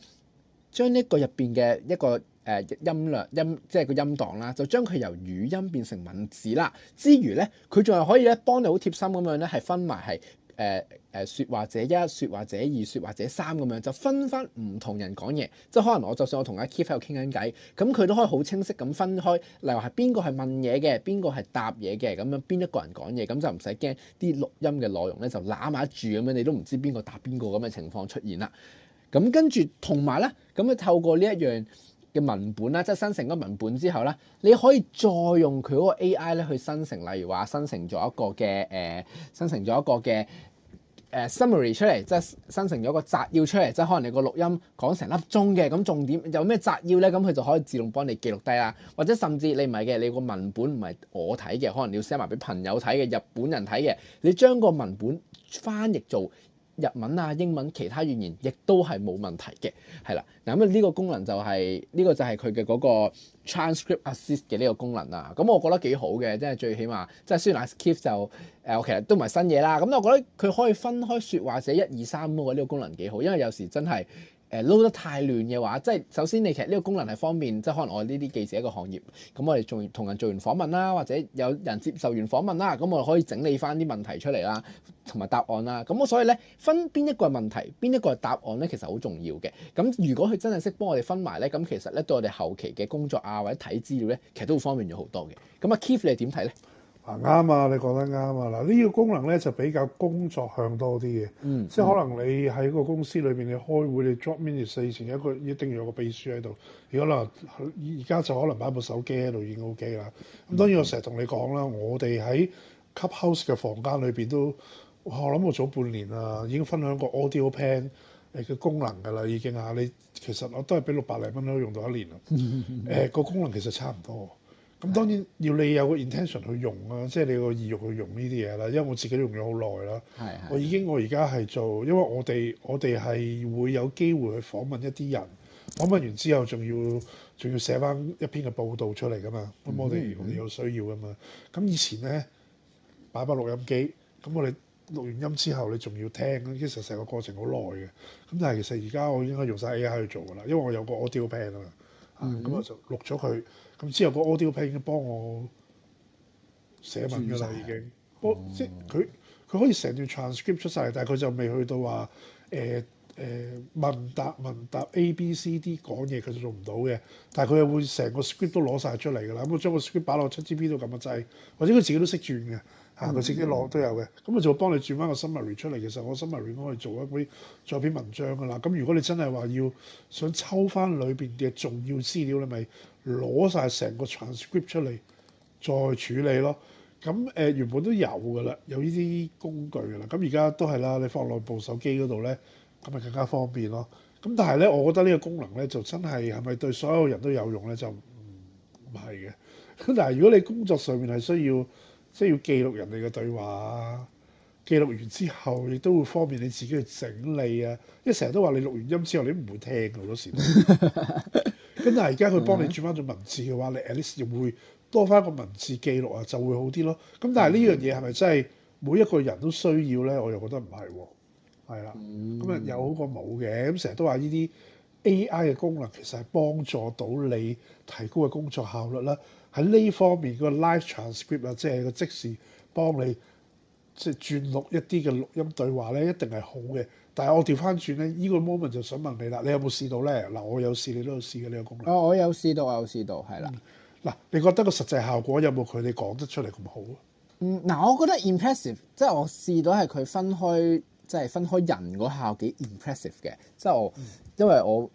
Speaker 2: 將呢個入邊嘅一個誒音量音即係個音檔啦，就將佢由語音變成文字啦。之餘咧，佢仲係可以咧幫你好貼心咁樣咧，係分埋係誒誒説話者一、説話者二、説話者三咁樣，就分翻唔同人講嘢。即係可能我就算我同阿 Keith 喺度傾緊偈，咁佢都可以好清晰咁分開。例如係邊個係問嘢嘅，邊個係答嘢嘅，咁樣邊一個人講嘢，咁就唔使驚啲錄音嘅內容咧就揦下住咁樣，你都唔知邊個答邊個咁嘅情況出現啦。咁跟住，同埋咧，咁啊透過呢一樣嘅文本啦，即係生成嗰個文本之後咧，你可以再用佢嗰個 AI 咧去生成，例如話生成咗一個嘅誒，生成咗一個嘅誒、呃、summary 出嚟，即係生成咗個摘要出嚟，即係可能你個錄音講成粒鐘嘅，咁重點有咩摘要咧，咁佢就可以自動幫你記錄低啦。或者甚至你唔係嘅，你個文本唔係我睇嘅，可能你要 send 埋俾朋友睇嘅、日本人睇嘅，你將個文本翻譯做日文啊、英文、其他語言、言，亦都係冇問題嘅，係啦。嗱咁呢個功能就係、是、呢、呢個就係佢嘅嗰個 transcript assist 嘅呢個功能啊。咁、嗯、我覺得幾好嘅，即係最起碼，即係雖然 assist 就誒，我、呃、其實都唔係新嘢啦。咁我覺得佢可以分開説話者一二三，咁我覺得呢個功能幾好，因為有時真係。誒撈得太亂嘅話，即係首先你其實呢個功能係方便，即係可能我呢啲記者個行業，咁我哋做同人做完訪問啦，或者有人接受完訪問啦，咁我哋可以整理翻啲問題出嚟啦，同埋答案啦。咁我所以咧分邊一個問題，邊一個答案咧，其實好重要嘅。咁如果佢真係識幫我哋分埋咧，咁其實咧對我哋後期嘅工作啊，或者睇資料咧，其實都會方便咗好多嘅。咁阿 Keith 你點睇咧？啊
Speaker 1: 啱啊！你講得啱啊！嗱，呢個功能咧就比較工作向多啲嘅，嗯嗯、即係可能你喺個公司裏邊你開會你 drop minutes 以前，有一個一定有一個秘書喺度。如果嗱而家就可能擺部手機喺度已經 OK 啦。咁、嗯嗯、當然我成日同你講啦，我哋喺 Clubhouse 嘅房間裏邊都，我諗我早半年啦已經分享過 audio pen 誒嘅功能㗎啦已經啊！你其實我都係俾六百零蚊都用到一年啦。誒、嗯嗯呃、個功能其實差唔多。咁當然要你有個 intention 去用啊，即係你個意欲去用呢啲嘢啦。因為我自己都用咗好耐啦，是是是我已經我而家係做，因為我哋我哋係會有機會去訪問一啲人，訪問完之後仲要仲要寫翻一篇嘅報道出嚟噶嘛。咁我哋、嗯嗯、有需要噶嘛。咁以前咧擺把錄音機，咁我哋錄完音之後，你仲要聽，其實成個過程好耐嘅。咁但係其實而家我應該用晒 AI 去做噶啦，因為我有個 audio pen 啊嘛，咁我就錄咗佢。咁之後個 audio pen 幫我寫文㗎啦，已經，即係佢佢可以成段 transcript 出晒嚟，但係佢就未去到話誒誒問答問答 A B C D 講嘢，佢就做唔到嘅。但係佢又會成個 script 都攞晒出嚟㗎啦，咁啊將個 script 擺落 ChatGPT 度撳個掣，或者佢自己都識轉嘅。佢、嗯、自己攞都有嘅，咁、嗯、我就幫你轉翻個 summary 出嚟。其實我 summary 我可以做一篇，做一篇文章噶啦。咁如果你真係話要想抽翻裏邊嘅重要資料，你咪攞晒成個 transcript 出嚟再處理咯。咁誒、呃、原本都有噶啦，有呢啲工具噶啦。咁而家都係啦，你放落部手機嗰度咧，咁咪更加方便咯。咁但係咧，我覺得呢個功能咧，就真係係咪對所有人都有用咧？就唔係嘅。但嗱，如果你工作上面係需要，即係要記錄人哋嘅對話啊！記錄完之後，亦都會方便你自己去整理啊！因為成日都話你錄完音之後，你唔會聽好多時。咁 但係而家佢幫你轉翻咗文字嘅話， 你 at least 又會多翻個文字記錄啊，就會好啲咯。咁但係呢樣嘢係咪真係每一個人都需要咧？我又覺得唔係喎。係啦，咁啊 有好過冇嘅。咁成日都話呢啲。AI 嘅功能其實係幫助到你提高嘅工作效率啦。喺呢方面個 live transcript 啊，即係個即時幫你即係轉錄一啲嘅錄音對話咧，一定係好嘅。但係我調翻轉咧，呢個 moment 就想問你啦，你有冇試到咧？嗱，我有
Speaker 2: 試，你都有試嘅呢個功能。哦，我有試到，我有試到，係啦。嗱，嗯，你覺得個實際效果有冇佢哋講得出嚟咁好啊？嗯，嗱，我覺得 impressive，即係我試到係佢分開。即係分開人嗰下幾 impressive 嘅，即係我因為我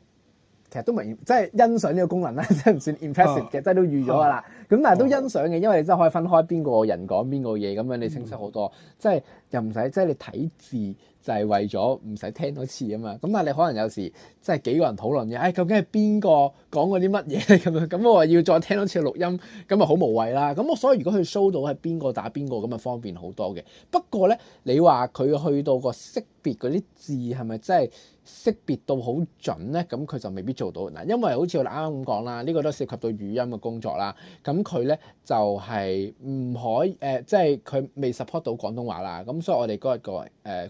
Speaker 2: 其實都明，即係欣賞呢個功能啦，即係唔算 impressive 嘅，即係、哦、都預咗噶啦。咁、哦、但係都欣賞嘅，因為真係可以分開邊個人講邊個嘢，咁樣你清晰好多，即係、嗯、又唔使即係你睇字。就係為咗唔使聽多次啊嘛，咁但係你可能有時即係幾個人討論嘅，唉、哎、究竟係邊個講嗰啲乜嘢咁樣，咁、 嗯、我話要再聽多次錄音，咁啊好無謂啦。咁、嗯、我所以如果佢 show 到係邊個打邊個咁啊，方便好多嘅。不過咧，你話佢去到個識別嗰啲字係咪真係識別到好準咧？咁佢就未必做到嗱，因為好似我啱啱咁講啦，呢、這個都涉及到語音嘅工作啦。咁佢咧就係、是、唔可誒、呃，即係佢未 support 到廣東話啦。咁所以我哋嗰日個誒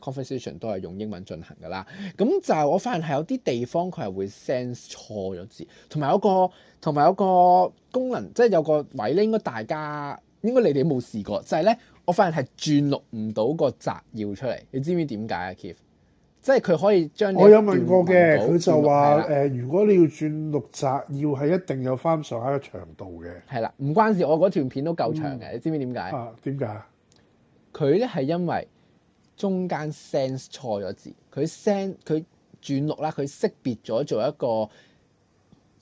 Speaker 2: 都係用英文進行噶啦，咁就我發現係有啲地方佢係會 sense 錯咗字，同埋有個同埋有個功能，即係有個位咧，應該大家應該你哋冇試過，就係、是、咧，我發現係轉錄唔到個摘要出嚟，你知唔知點解啊？Keith，即係佢可以將我有問過嘅，佢就話誒，如果你要轉錄摘要，係一定有翻上一個長度嘅，係啦，唔關事，我嗰段片都夠長嘅，嗯、你知唔知點解啊？點解佢咧係因為。中間 sense 錯咗字，佢 sense 佢轉錄啦，佢識別咗做一個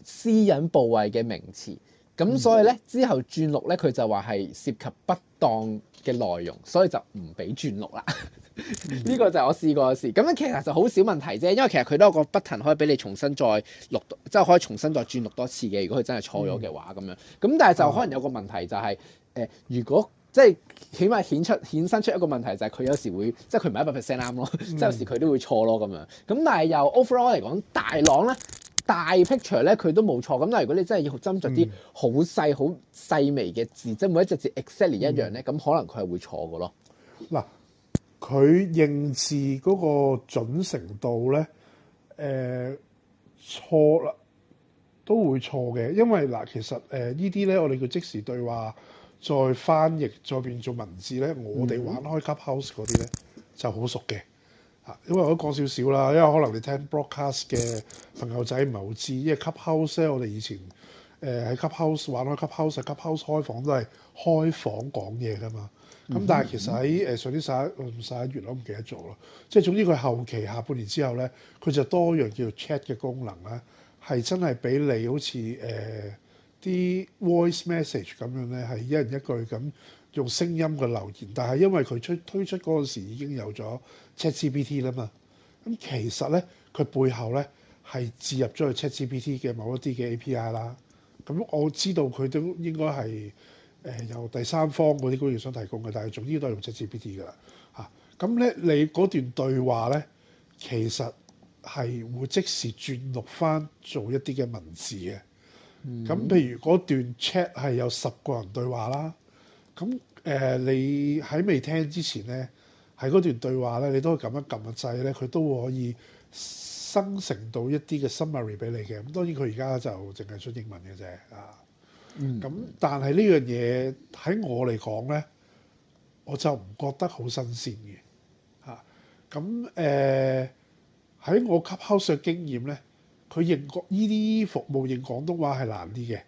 Speaker 2: 私隱部位嘅名詞，咁、嗯、所以咧之後轉錄咧佢就話係涉及不當嘅內容，所以就唔俾轉錄啦。呢、 嗯、個就係我試過嘅事。咁樣其實就好少問題啫，因為其實佢都有個 button 可以俾你重新再錄，即、就、係、是、可以重新再轉錄多次嘅。如果佢真係錯咗嘅話咁樣，咁但係就可能有個問題就係、是、誒、嗯呃，如果。即係，起碼衍出衍生出一個問題，就係、是、佢有時會，即係佢唔係一百 percent 啱咯，嗯、即係有時佢都會錯咯咁樣。咁但係由 overall 嚟講，大朗咧、大 picture 咧，佢都冇錯。咁但係如果你真係要斟酌啲好細、好、嗯、細微嘅字，即係每一隻字 exactly 一樣咧，咁、嗯、可能佢係會錯嘅咯。
Speaker 1: 嗱，佢認字嗰個準程度咧，誒、呃、錯啦，都會錯嘅。因為嗱，其實誒、呃、呢啲咧，我哋叫即時對話。再翻譯再變做文字咧，嗯、哼我哋玩開 Clubhouse 嗰啲咧就好熟嘅，啊，因為我都講少少啦，因為可能你聽 broadcast 嘅朋友仔唔係好知，因為 Clubhouse 咧，我哋以前誒喺、呃、Clubhouse 玩開 Clubhouse，食 Clubhouse 開房都係開房講嘢㗎嘛。咁、嗯、哼但係其實喺誒上年十一,十一月我，我唔記得做啦。即係總之佢後期下半年之後咧，佢就多樣叫做 chat 嘅功能啦，係真係俾你好似誒。呃啲 voice message 咁樣咧，係一人一句咁用聲音嘅留言，但係因為佢出推出嗰陣時已經有咗 ChatGPT 啦嘛，咁、嗯、其實咧佢背後咧係置入咗去 ChatGPT 嘅某一啲嘅 API 啦，咁、嗯、我知道佢都應該係誒由第三方嗰啲供應商提供嘅，但係總之都係用 ChatGPT 噶啦吓，咁咧、啊嗯、你嗰段對話咧其實係會即時轉錄翻做一啲嘅文字嘅。咁、嗯、譬如段 chat 係有十個人對話啦，咁誒、呃、你喺未聽之前咧，喺段對話咧，你都可以撳一撳個掣咧，佢都可以生成到一啲嘅 summary 俾你嘅。咁當然佢而家就淨係出英文嘅啫啊。咁、嗯、但係呢樣嘢喺我嚟講咧，我就唔覺得好新鮮嘅嚇。咁、啊、誒，喺、呃、我嘅 Clubhouse 經驗咧。佢認呢啲服務認廣東話係難啲嘅。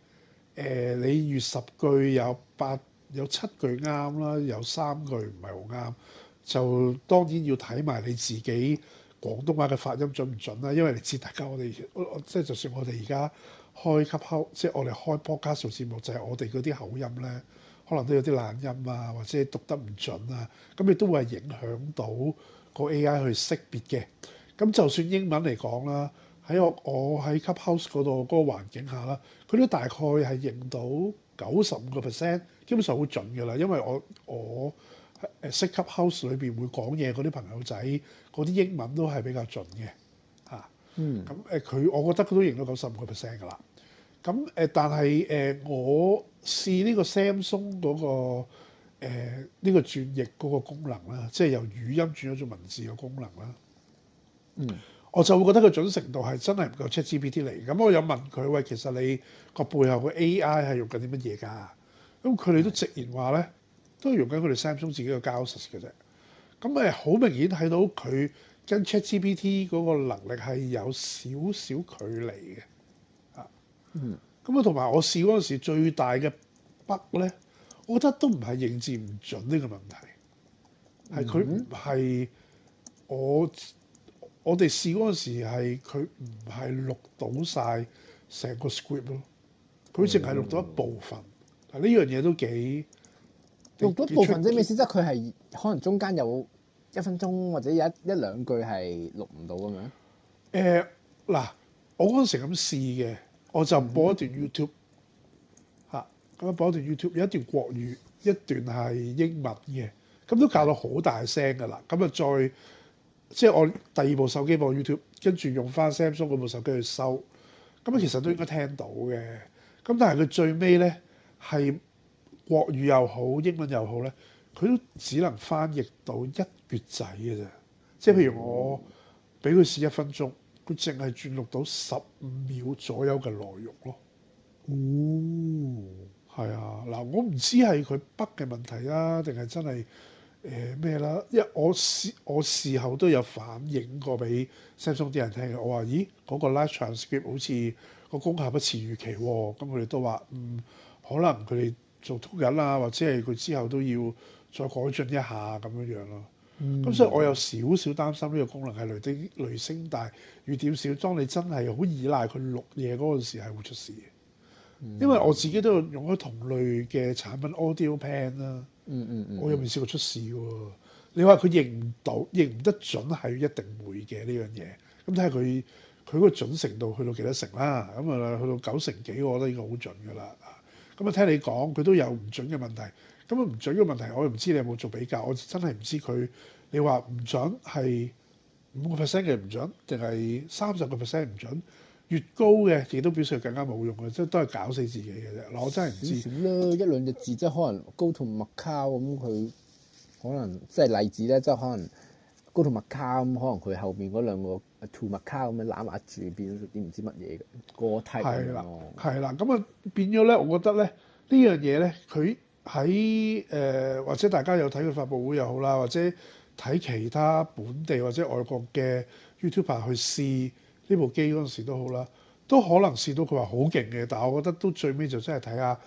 Speaker 1: 誒，你月十句有八有七句啱啦，有三句唔係好啱，就當然要睇埋你自己廣東話嘅發音準唔準啦。因為你知大家我哋即係，就算我哋而家開級口，即係我哋開 Podcast 節目，就係我哋嗰啲口音咧，可能都有啲懶音啊，或者讀得唔準啊，咁亦都會係影響到個 AI 去識別嘅。咁就算英文嚟講啦。喺我我喺 Clubhouse 嗰度嗰、嗰個環境下啦，佢都大概係認到九十五個 percent，基本上好準㗎啦。因為我我誒識 Clubhouse 裏邊會講嘢嗰啲朋友仔，嗰啲英文都係比較準嘅嚇。嗯，咁誒佢，我覺得佢都認到九十五個 percent 㗎啦。咁誒，但係誒、呃呃、我試呢個 Samsung 嗰、嗰個呢、呃呢個轉譯嗰個功能啦，即係由語音轉咗做文字嘅功能啦。嗯。我就會覺得佢準程度係真係唔夠 ChatGPT 嚟。咁我有問佢，喂，其實你個背後嘅 AI 係用緊啲乜嘢㗎？咁佢哋都直言話咧，都係用緊佢哋 Samsung 自己嘅 Gauss 嘅啫。咁誒，好明顯睇到佢跟 ChatGPT 嗰個能力係有少少距離嘅。啊，嗯。咁啊，同埋我試嗰陣時最大嘅 bug 咧，我覺得都唔係認字唔準呢個問題，
Speaker 2: 係佢唔
Speaker 1: 係我。我哋試嗰陣時係佢唔係錄到晒成個 script 咯，佢淨係錄到一部分。嗱呢樣嘢都幾
Speaker 2: 錄到一部分啫？咩意思？即係佢係可能中間有一分鐘或者有一一兩句係錄唔到咁樣。誒嗱，我嗰陣時咁試
Speaker 1: 嘅，我就播一段 YouTube 吓，咁樣播一段 YouTube 有一段國語，一段係英文嘅，咁都教到好大聲噶啦，咁啊再。即係我第二部手機播 YouTube，跟住用翻 Samsung 嗰部手機去收，咁啊其實都應該聽到嘅。咁但係佢最尾呢，係國語又好、英文又好呢，佢都只能翻譯到一橛仔嘅啫。即係譬如我俾佢試一分鐘，佢淨係轉錄到十五秒左右嘅內容咯。哦，係啊。嗱，我唔知係佢 bug 嘅問題啊，定係真係？誒咩、呃、啦？因為我事我事後都有反映過俾 Samsung 啲人聽嘅，我話：咦，嗰、那個 Live Transcript 好似個功效不似預期，咁佢哋都話：嗯，可能佢哋做通日做緊啦，或者係佢之後都要再改進一下咁樣樣咯。咁、mm hmm. 所以我有少少擔心呢個功能係雷聲雷聲大雨點小。當你真係好依賴佢錄嘢嗰陣時係會出事嘅。Mm hmm. 因為我自己都用咗同類嘅產品 Audio Pen 啦、啊。嗯嗯嗯，mm hmm, mm hmm. 我又未試過出事喎。你話佢認唔到、認唔得準係一定會嘅呢樣嘢，咁睇下佢佢嗰個準程度去到幾多成啦？咁啊去到九成幾，我覺得應該好準噶啦。咁啊聽你講，佢都有唔準嘅問題。咁啊唔準嘅問題，我又唔知你有冇做比較，我真係唔知佢。你話唔準係五個 percent 嘅唔準，定係三十個 percent 唔準？越高嘅亦都表示佢更加冇用嘅，即係都係搞死自己嘅啫。嗱，我真係
Speaker 2: 唔知。少少啦，一兩隻字即係可能高同麥卡咁，佢可能即係例子咧，即係可能高同麥卡咁，可能佢後面嗰兩個圖麥卡咁樣攬壓住，變咗啲唔知乜嘢個體。係啦，係啦，咁啊變咗咧，我覺得咧呢樣嘢咧，佢喺
Speaker 1: 誒或者大家有睇佢發布會又好啦，或者睇其他本地或者外國嘅 YouTuber 去試。呢部機嗰陣時都好啦，都可能試到佢話好勁嘅，但係我覺得都最尾就真係睇下，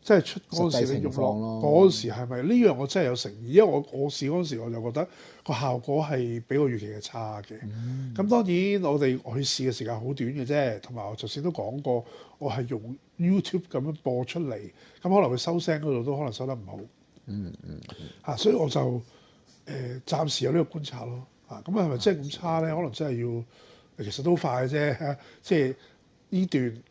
Speaker 1: 即係出嗰時你用咯。嗰時係咪呢樣？這個、我真係有誠意，因為我我試嗰陣時我就覺得個效果係比我預期嘅差嘅。咁、嗯、當然我哋去試嘅時間好短嘅啫，同埋我頭先都講過，我係用 YouTube 咁樣播出嚟，咁可能佢收聲嗰度都可能收得唔好。嗯嗯嗯、啊，所以我就誒、呃、暫時有呢個觀察咯。嚇、啊，咁係咪真係咁差咧？可能真係要～其實都快嘅啫，即係呢段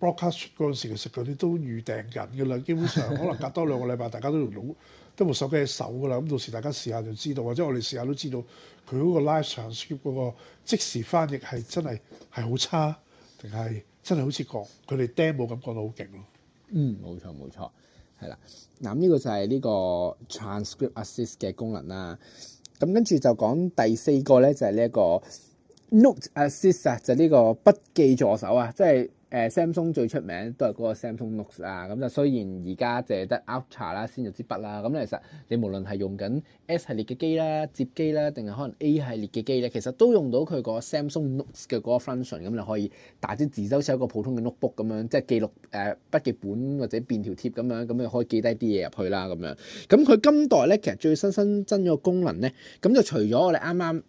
Speaker 1: broadcast 嗰陣時，其實佢哋都預訂緊㗎喇。基本上可能隔多兩個禮拜，大家都用攞到部手機喺手㗎喇。咁到時大家試下就知道，或者我哋試下都知道佢嗰個 live transcript 嗰個即時翻譯係真係係好差，定係真係好似講佢哋 demo 咁講到好勁咯。嗯，
Speaker 2: 冇錯冇錯，係啦。嗱，呢個就係呢個 Transcript Assist 嘅功能啦。咁跟住就講第四個咧，就係呢一個。Note Assist 就呢個筆記助手啊，即係誒 Samsung 最出名都係嗰個 Samsung Notes 啊，咁就雖然而家淨係得 Ultra 啦，先有支筆啦，咁其實你無論係用緊 S 系列嘅機啦、接機啦，定係可能 A 系列嘅機咧，其實都用到佢個 Samsung Notes 嘅嗰個 function，咁你可以打啲字就好似一個普通嘅 notebook 咁樣，即係記錄誒筆記本或者便條貼咁樣，咁你可以記低啲嘢入去啦咁樣。咁佢今代咧其實最新新增咗個功能咧，咁就除咗我哋啱啱。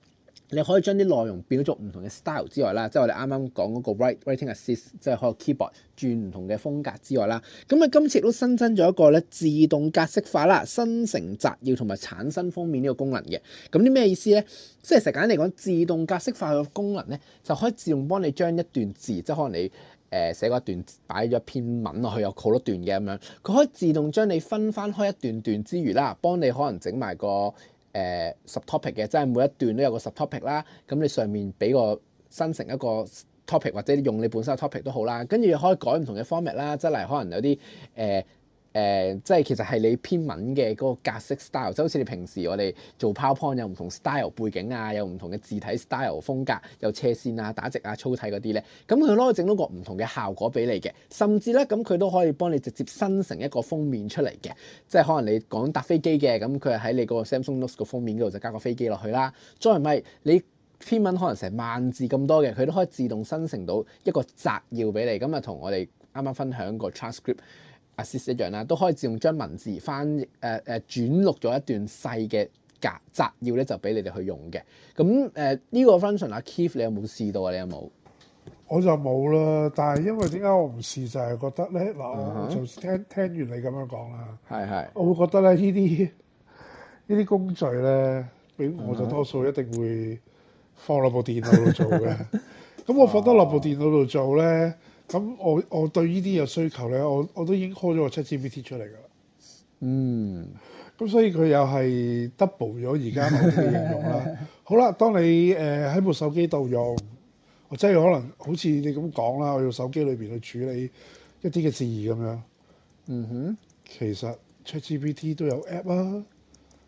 Speaker 2: 你可以將啲內容變到做唔同嘅 style 之外啦，即係我哋啱啱講嗰個 write Writing Assist，即係開個 keyboard 轉唔同嘅風格之外啦。咁啊，今次都新增咗一個咧自動格式化啦、生成摘要同埋產生封面呢個功能嘅。咁啲咩意思咧？即係實簡單嚟講，自動格式化嘅功能咧，就可以自動幫你將一段字，即係可能你誒寫過一段擺咗篇文落去有好多段嘅咁樣，佢可以自動將你分翻開一段段之餘啦，幫你可能整埋個。誒、呃、subtopic 嘅，即係每一段都有個 subtopic 啦。咁你上面俾個生成一個 topic，或者用你本身嘅 topic 都好啦。跟住可以改唔同嘅 format 啦，即係可能有啲誒。呃誒、呃，即係其實係你篇文嘅嗰個格式 style，就好似你平時我哋做 PowerPoint 有唔同 style 背景啊，有唔同嘅字體 style 風格，有斜線啊、打直啊、粗體嗰啲咧，咁佢攞嚟整到個唔同嘅效果俾你嘅，甚至咧，咁佢都可以幫你直接生成一個封面出嚟嘅，即係可能你講搭飛機嘅，咁佢喺你個 Samsung Notes 個封面嗰度就加個飛機落去啦。再唔係你篇文可能成萬字咁多嘅，佢都可以自動生成到一個摘要俾你。咁、嗯、啊，同我哋啱啱分享個 transcript。阿 s C s 一樣啦，都可以自動將文字翻譯，誒誒轉錄咗一段細嘅格摘要咧，就俾你哋去用嘅。咁誒呢個 function，阿 Keith，你有冇試到啊？你有冇？
Speaker 1: 我就冇啦。但係因為點解我唔試就係、是、覺得咧，嗱、呃，我就、uh huh. 聽聽完你咁樣講啦。係係、uh。Huh. 我會覺得咧，呢啲呢啲工具咧，俾我就多數一定會放落部電腦度做嘅。咁、uh huh. 我放得落部電腦度做咧。Uh huh. 咁我我對呢啲有需求咧，我我都已經 call 咗個 ChatGPT 出嚟噶啦。嗯，咁所以佢又係 double 咗而家嘅應用啦。 好啦，當你誒喺、呃、部手機度用，即係可能好似你咁講啦，我用手機裏邊去處理一啲嘅事宜咁樣。嗯哼，其實 ChatGPT 都有 app 啦、啊，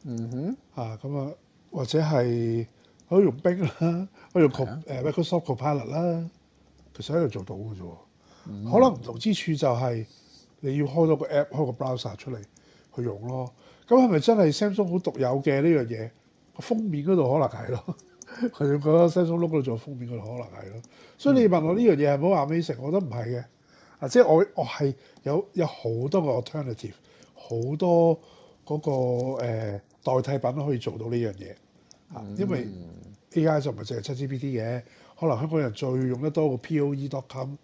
Speaker 1: 嗯哼，啊咁啊，或者係可以用 Bing 啦，可以用誒的、uh, Microsoft Copilot 啦，其實喺度做到嘅啫。嗯、可能唔同之處就係你要開多個 app，開個 browser 出嚟去用咯。咁係咪真係 Samsung 好獨有嘅呢樣嘢？封面嗰度可能係咯，佢 哋覺得 Samsung Lock 度做封面嗰度可能係咯。嗯、所以你問我呢樣嘢係唔好話未成，我覺得唔係嘅。啊，即、就、係、是、我我係有有好多個 alternative，好多嗰、那個、呃、代替品都可以做到呢樣嘢。啊，嗯、因為 AI 就唔係淨係 ChatGPT 嘅，可能香港人最用得多個 POE.com。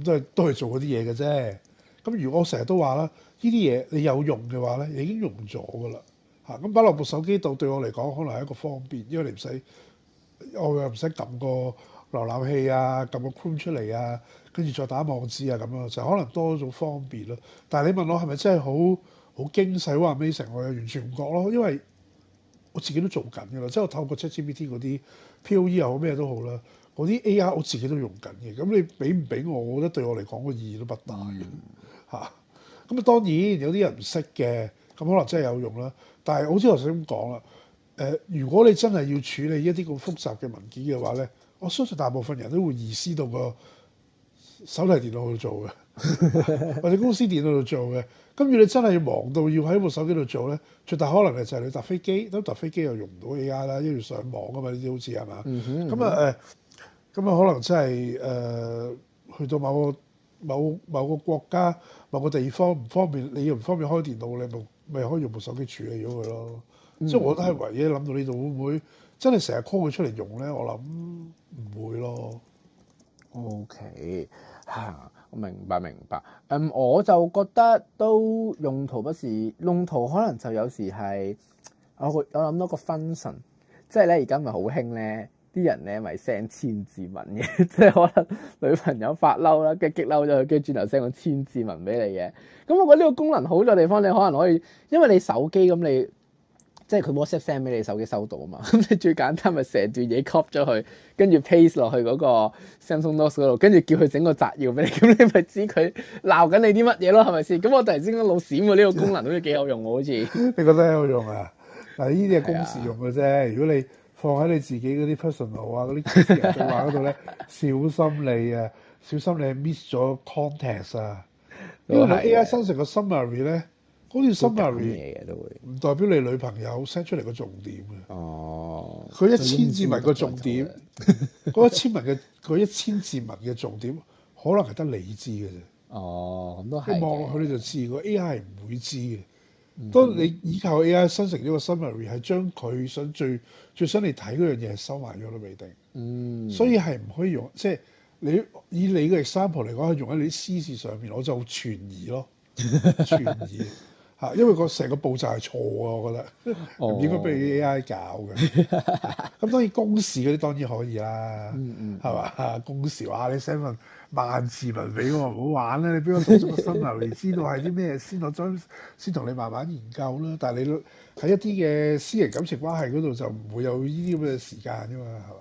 Speaker 1: 都係都係做嗰啲嘢嘅啫。咁如果我成日都話啦，呢啲嘢你有用嘅話咧，已經用咗噶啦。嚇咁擺落部手機度，對我嚟講可能係一個方便，因為你唔使我又唔使撳個瀏覽器啊，撳個 Chrome 出嚟啊，跟住再打網址啊咁樣，就可能多咗種方便咯。但係你問我係咪真係好好精細、好 Amazing，我又完全唔覺咯，因為我自己都做緊噶啦，即係我透過 ChatGPT 嗰啲 POE 又好咩都好啦。我啲 A I 我自己都用緊嘅，咁你俾唔俾我？我覺得對我嚟講個意義都不大嘅嚇。咁、mm hmm. 啊，當然有啲人唔識嘅，咁可能真係有用啦。但係好似頭先咁講啦，誒、呃，如果你真係要處理一啲咁複雜嘅文件嘅話咧，我相信大部分人都會移師到個手提電腦去做嘅， 或者公司電腦度做嘅。咁如果你真係要忙到要喺部手機度做咧，最大可能嘅就係你搭飛機。咁搭飛機又用唔到 A I 啦，因為上網啊嘛，呢啲好似係嘛。咁啊誒。Hmm. Mm hmm. 咁啊，可能真係誒、呃，去到某個某某個國家、某個地方唔方便，你又唔方便開電腦，你咪咪可以用部手機處理咗佢咯。嗯、即係我都係唯嘢諗到呢度，會唔會真
Speaker 2: 係成日 call 佢出嚟用咧？我諗唔會咯。OK 吓，我明白明白。嗯、um，我就覺得都用途不是用途，可能就有時係我我諗到個 function，即係咧而家咪好興咧。啲人咧咪 send 千字文嘅，即係可能女朋友發嬲啦，跟住激嬲咗佢，跟住轉頭 send 個千字文俾你嘅。咁我覺得呢個功能好多地方你可能可以，因為你手機咁你即係佢 WhatsApp send 俾你手機收到啊嘛。咁你最簡單咪成段嘢 copy 咗佢，跟住 paste 落去嗰個 Samsung Notes 嗰度，跟住叫佢整個摘要俾你，咁你咪知佢鬧緊你啲乜嘢咯，係咪先？咁我突然之間覺得老閃喎，呢個功能好似幾有用喎，好似。 你
Speaker 1: 覺得有用啊？嗱，呢啲係公事用嘅啫，如果你。放喺你自己嗰啲 personal 啊、嗰啲私人對話嗰度咧， 小心你啊，小心你 miss 咗 context 啊！因為你 A.I. 生成個 summary 咧，好似 summary 嘢都會唔代表你女朋友 send 出嚟個重點嘅。哦，
Speaker 2: 佢一千字文個重
Speaker 1: 點，嗰 一千文嘅一千字文嘅重點，可能係得你知嘅啫。哦，咁都係。望佢你，你就知，個 A.I. 係唔會知嘅。當你依靠 AI 生成呢個 summary，係將佢想最最想你睇嗰樣嘢收埋咗都未定，嗯，所以係唔可以用，即係你以你嘅 example 嚟講，係用喺你啲私事上面，我就存疑咯，存疑。 嚇！因為個成個步驟係錯啊，我覺得、哦、 唔應該俾 A.I. 搞嘅。咁 當然公事嗰啲當然可以啦，係嘛，嗯嗯？公事話你寫份萬字文俾我，唔好玩啦！你俾我心中嘅心流嚟，知道係啲咩先， 我再先同你慢慢研究啦。但係你喺一啲嘅私人感情關係嗰度，就唔會有呢啲咁嘅時間㗎嘛，係嘛？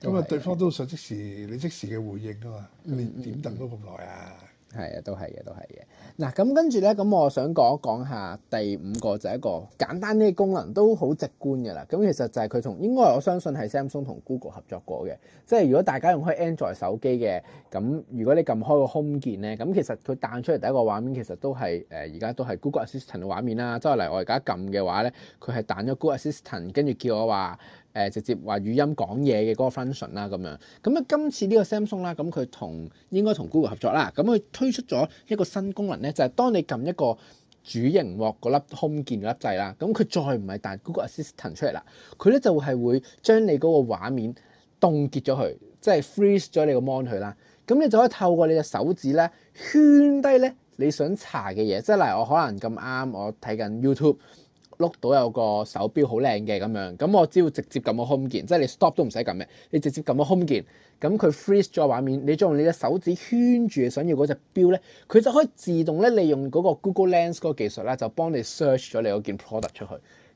Speaker 2: 咁啊是，對方
Speaker 1: 都想即時、嗯、你即時嘅回應㗎嘛，你點
Speaker 2: 等到咁耐啊？係啊，都係嘅，都係嘅。嗱，咁跟住咧，咁我想講講下第五個就係一個簡單啲嘅功能，都好直觀嘅啦。咁其實就係佢同應該我相信係 Samsung 同 Google 合作過嘅。即係如果大家用開 Android 手機嘅，咁如果你撳開個 Home 鍵咧，咁其實佢彈出嚟第一個畫面其實都係誒而家都係 Google Assistant 嘅畫面啦。即係例如我而家撳嘅話咧，佢係彈咗 Google Assistant，跟住叫我話。誒直接話語音講嘢嘅嗰個 function 個啦，咁樣咁啊，今次呢個 Samsung 啦，咁佢同應該同 Google 合作啦，咁佢推出咗一個新功能咧，就係、是、當你撳一個主熒幕嗰粒 home 鍵嗰粒掣啦，咁佢再唔係彈 Google Assistant 出嚟啦，佢咧就係會將你嗰個畫面凍結咗佢，即係 freeze 咗你個 mon 佢啦，咁你就可以透過你隻手指咧圈低咧你想查嘅嘢，即係例如我可能咁啱我睇緊 YouTube。碌到有個手錶好靚嘅咁樣，咁我只要直接撳個 home 鍵，即係你 stop 都唔使撳嘅，你直接撳個 home 鍵。咁佢 freeze 咗畫面，你再用你隻手指圈住想要嗰隻錶咧，佢就可以自動咧利用嗰個 Google Lens 嗰個技術咧，就幫你 search 咗你嗰件 product 出去。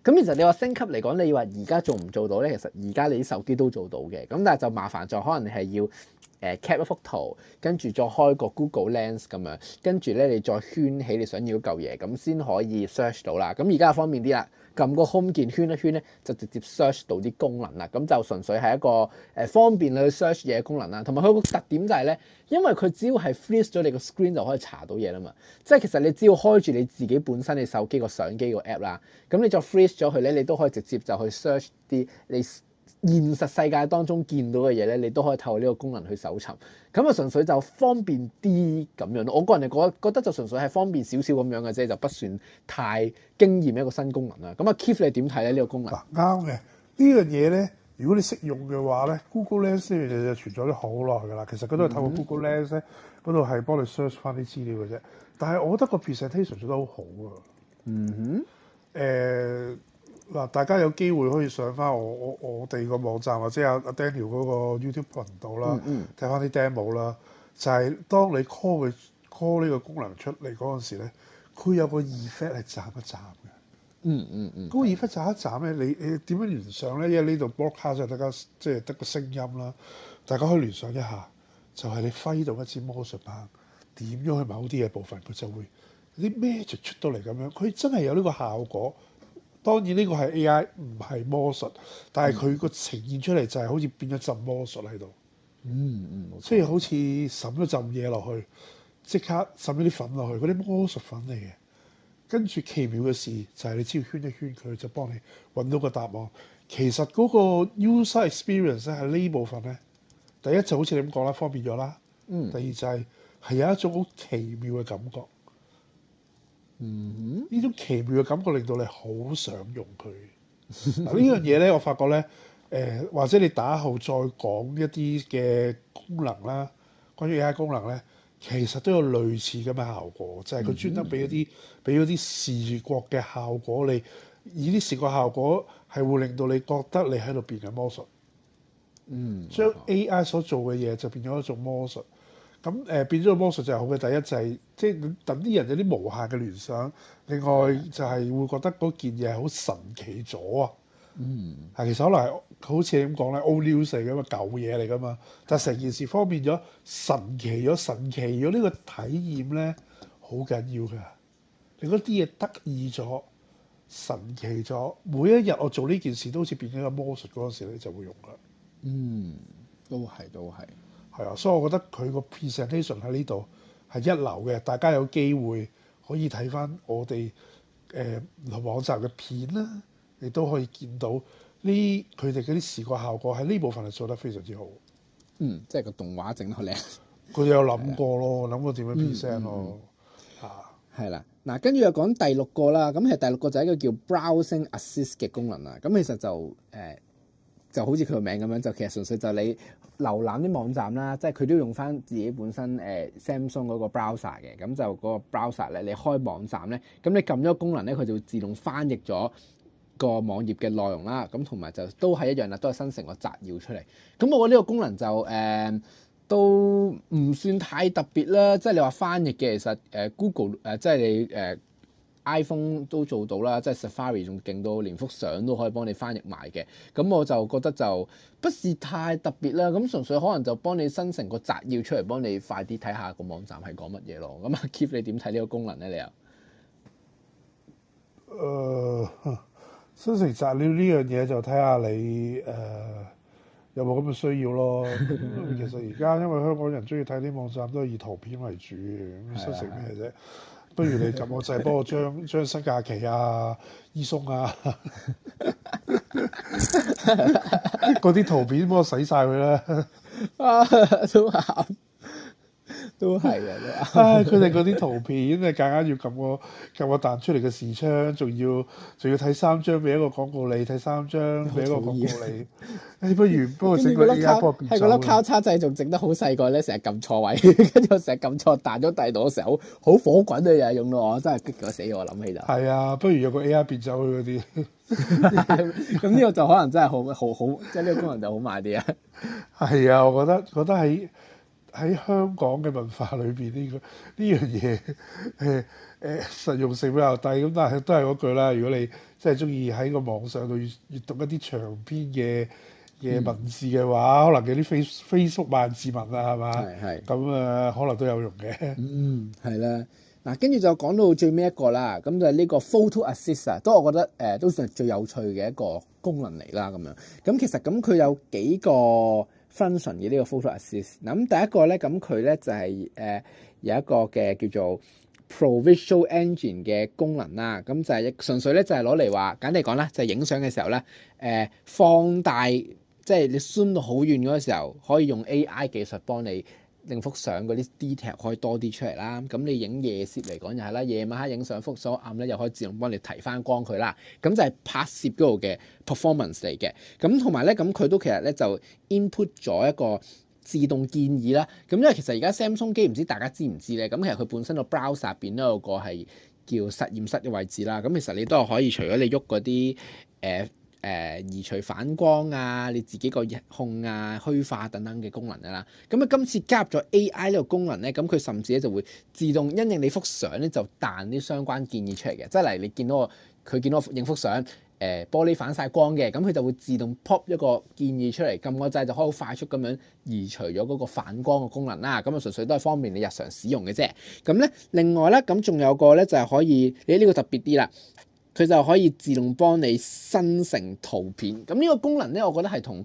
Speaker 2: 咁其實你話升級嚟講，你話而家做唔做到咧？其實而家你啲手機都做到嘅，咁但係就麻煩在可能你係要。誒 cap 一幅圖，跟住再開個 Google Lens 咁樣，跟住咧你再圈起你想要嚿嘢，咁先可以 search 到啦。咁而家又方便啲啦，撳個 home 鍵圈一圈咧，就直接 search 到啲功能啦。咁就純粹係一個誒方便你去 search 嘢嘅功能啦。同埋佢個特點就係、是、咧，因為佢只要係 freeze 咗你個 screen 就可以查到嘢啦嘛。即係其實你只要開住你自己本身你手機個相機個 app 啦，咁你再 freeze 咗佢咧，你都可以直接就去 search 啲你。現實世界當中見到嘅嘢咧，你都可以透過呢個功能去搜尋，咁啊純粹就方便啲咁樣。我個人嚟講，覺得就純粹係方便少少咁樣嘅啫，就不算太驚豔一個新功能啦。咁啊，Kif e 你點睇咧呢、呢個功能？啱嘅、啊這個、呢樣嘢咧，
Speaker 1: 如果你識用嘅話咧，Google Lens 呢樣就存在咗好耐噶啦。其實佢都係透過 Google Lens 咧，嗰度係幫你 search 翻啲資料嘅啫。但係我覺得個 presentation 做得好好啊。嗯哼、mm，誒、hmm. 呃。嗱，大家有機會可以上翻我我我哋個網站，或者阿阿 Daniel 嗰個 YouTube 頻道啦，睇翻啲 demo 啦。就係當你 call 佢 call 呢個功能出嚟嗰陣時咧，佢有個 effect 係斬一斬嘅、嗯。嗯嗯嗯。咁個 effect 斬一斬咧，你你點樣聯想咧？因為呢度 broadcast，就大家即係得個聲音啦，大家可以聯想一下，就係、是、你揮動一支魔術棒，點樣去某啲嘅部分，佢就會啲咩就出到嚟咁樣。佢真係有呢個效果。當然呢個係 AI，唔係魔術，但係佢個呈現出嚟就係好似變咗陣魔術喺度、嗯。嗯嗯，即係好似滲咗浸嘢落去，即刻滲咗啲粉落去，嗰啲魔術粉嚟嘅。跟住奇妙嘅事就係你只要圈一圈佢，就幫你揾到個答案。其實嗰個 user experience 咧，喺呢部分咧，第一就好似你咁講啦，方便咗啦。嗯。第二就係、係、係有一種好奇妙嘅感覺。嗯，呢、mm hmm. 種奇妙嘅感覺令到你好想用佢。嗱 呢樣嘢咧，我發覺咧，誒、呃、或者你打後再講一啲嘅功能啦，關於 AI 功能咧，其實都有類似咁嘅效果，就係佢專登俾一啲俾嗰啲視覺嘅效果你，你以啲視覺效果係會令到你覺得你喺度變緊魔術。嗯、mm，將、hmm. AI 所做嘅嘢就變咗一種魔術。咁誒、呃、變咗個魔術就係好嘅，第一就係即係等啲人有啲無限嘅聯想，另外就係會覺得嗰件嘢好神奇咗啊！嗯，啊其實可能係好似你咁講咧，奧利奧成咁嘅舊嘢嚟噶嘛，但係成件事方便咗、神奇咗、神奇咗呢個體驗咧，好緊要㗎。你嗰啲嘢得意咗、神奇咗，每一日我做呢件事都好似變咗個魔術嗰陣時咧，就會用㗎。
Speaker 2: 嗯，
Speaker 1: 都係都係。係啊，所以我覺得佢個 presentation 喺呢度係一流嘅，大家有機會可以睇翻我哋誒、呃、網站嘅片啦，你都可以見到呢佢哋嗰啲視覺
Speaker 2: 效果喺呢部分係做得非常之好。嗯，即係個動畫整得好靚。
Speaker 1: 佢有諗過
Speaker 2: 咯，諗過點樣 present 咯。嚇、嗯，係啦，嗱，跟住又講第六個啦，咁係第六個就係一個叫 browsing assist 嘅功能啦。咁其實就誒。呃就好似佢個名咁樣，就其實純粹就你瀏覽啲網站啦，即係佢都要用翻自己本身誒 Samsung 嗰個 browser 嘅，咁就嗰個 browser 咧，你開網站咧，咁你撳咗個功能咧，佢就會自動翻譯咗個網頁嘅內容啦，咁同埋就都係一樣啦，都係生成個摘要出嚟。咁我覺得呢個功能就誒、呃、都唔算太特別啦，即係你話翻譯嘅，其實誒、呃、Google 誒、呃、即係你誒。呃 iPhone 都做到啦，即係 Safari 仲勁到連幅相都可以幫你翻譯埋嘅，咁我就覺得就不是太特別啦。咁純粹可能就幫你生成個摘要出嚟，幫你快啲睇下個網站係講乜嘢咯。咁阿 Kip e 你點睇呢個功能咧？你又？
Speaker 1: 誒生成摘要呢樣嘢就睇下你誒有冇咁嘅需要咯。 其實而家因為香港人中意睇啲網站都係以圖片為主嘅，咁生成咩啫？不如你咁，我就係幫我將將新假期啊、醫鬆啊嗰啲 圖片幫我洗晒佢啦。啊，都
Speaker 2: 都係啊！佢哋嗰啲圖
Speaker 1: 片你夾硬，硬要撳我撳個彈出嚟嘅視窗，仲要仲要睇三張俾一個廣告你，睇三張俾一個廣告你，你、哎。不如不如整個 A R 變走佢。係嗰粒交
Speaker 2: 叉掣仲整得好細個咧，成日撳錯位，跟住我成日撳錯彈咗第二度，成日好好火滾啊！用到我真係激到死我，我諗起就係啊！
Speaker 1: 不如有個 A R 變走佢嗰啲，咁
Speaker 2: 呢 個就可能真係好好好，即係呢個
Speaker 1: 功能就好賣啲啊！係啊，我覺得我覺得喺喺香港嘅文化裏邊，呢個呢樣嘢誒誒實用性比較低咁，但係都係嗰句啦。如果你真係中意喺個網上度閲讀一啲長篇嘅嘅文字嘅話，嗯、可能有啲 Facebook 萬字文啊，係嘛？係係咁啊，可能都
Speaker 2: 有用嘅。嗯，係啦。嗱、啊，跟住就講到最尾一個啦。咁就係呢個 Photo Assist，都我覺得誒、呃、都算係最有趣嘅一個功能嚟啦。咁樣咁其實咁佢有幾個。function 嘅呢個 photo assist，咁第一個咧，咁佢咧就係、是、誒、呃、有一個嘅叫做 Pro Visual Engine 嘅功能啦，咁就係、是、純粹咧就係攞嚟話，簡單講啦，就係影相嘅時候咧，誒、呃、放大，即、就、係、是、你 zoom 到好遠嗰個時候，可以用 AI 技術幫你。另幅相嗰啲 detail 可以多啲出嚟啦，咁你影夜攝嚟講又係啦，夜晚黑影相幅相暗咧，又可以自動幫你提翻光佢啦，咁就係拍攝嗰度嘅 performance 嚟嘅。咁同埋咧，咁佢都其實咧就 input 咗一個自動建議啦，咁因為其實而家 Samsung 機唔知大家知唔知咧，咁其實佢本身個 browser 入邊都有個係叫實驗室嘅位置啦，咁其實你都可以除咗你喐嗰啲誒。呃誒移除反光啊，你自己個控啊、虛化等等嘅功能噶啦。咁啊，今次加入咗 AI 呢個功能咧，咁佢甚至咧就會自動因應你幅相咧，就彈啲相關建議出嚟嘅。即係例如你見到我佢見到我影幅相，誒、呃、玻璃反晒光嘅，咁佢就會自動 pop 一個建議出嚟，撳個掣就可以好快速咁樣移除咗嗰個反光嘅功能啦。咁啊，純粹都係方便你日常使用嘅啫。咁咧，另外咧，咁仲有個咧就係可以，你、這、呢個特別啲啦。佢就可以自動幫你生成圖片，咁呢個功能咧，我覺得係同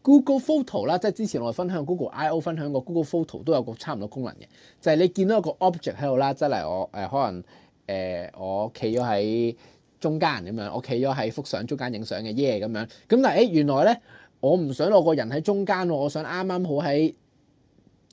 Speaker 2: Google Photo 啦，即係之前我哋分享 Google I O 分享過 Google Photo 都有個差唔多功能嘅，就係、是、你見到個 object 喺度啦，即係我誒、呃、可能誒、呃、我企咗喺中間咁樣，我企咗喺幅相中間影相嘅，yeah 咁樣，咁但係、欸、誒原來咧我唔想我個人喺中間喎，我想啱啱好喺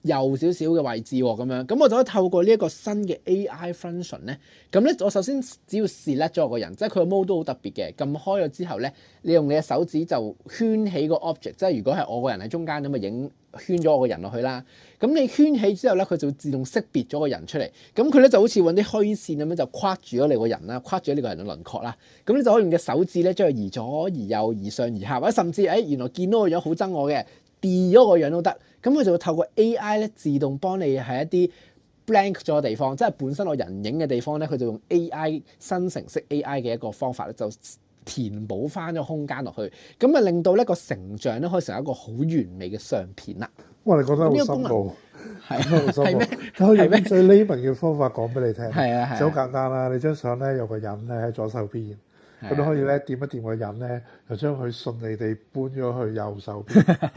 Speaker 2: 右少少嘅位置咁、哦、樣，咁我就可以透過呢一個新嘅 AI function 咧，咁咧我首先只要 delete 咗我個人，即係佢個 model 好特別嘅，撳開咗之後咧，你用你嘅手指就圈起個 object，即係如果係我個人喺中間咁，咪影圈咗我個人落去啦。咁你圈起之後咧，佢就會自動識別咗個人出嚟，咁佢咧就好似揾啲虛線咁樣就框住咗你個人啦，框住你個人嘅輪廓啦。咁你就可以用隻手指咧將佢移左移右移上移下，或者甚至誒、哎、原來見到個樣好憎我嘅 delete 咗個樣都得。咁佢就會透過 AI 咧自動幫你喺一啲 blank 咗嘅地方，即係本身我人影嘅地方咧，佢就用 AI 生成式 AI 嘅一個方法咧，就填補翻咗空間落去，咁啊令到咧、個成像咧可以成為一個好完美嘅相片啦。我哋覺得嗎好恐怖，係
Speaker 1: 咩？可以用最 layman 嘅方法講俾你聽，係啊係，就好簡單啦。你張相咧有個人咧喺左手邊。.佢都可以咧，掂一掂個人咧，就將佢順利地搬咗去右手邊。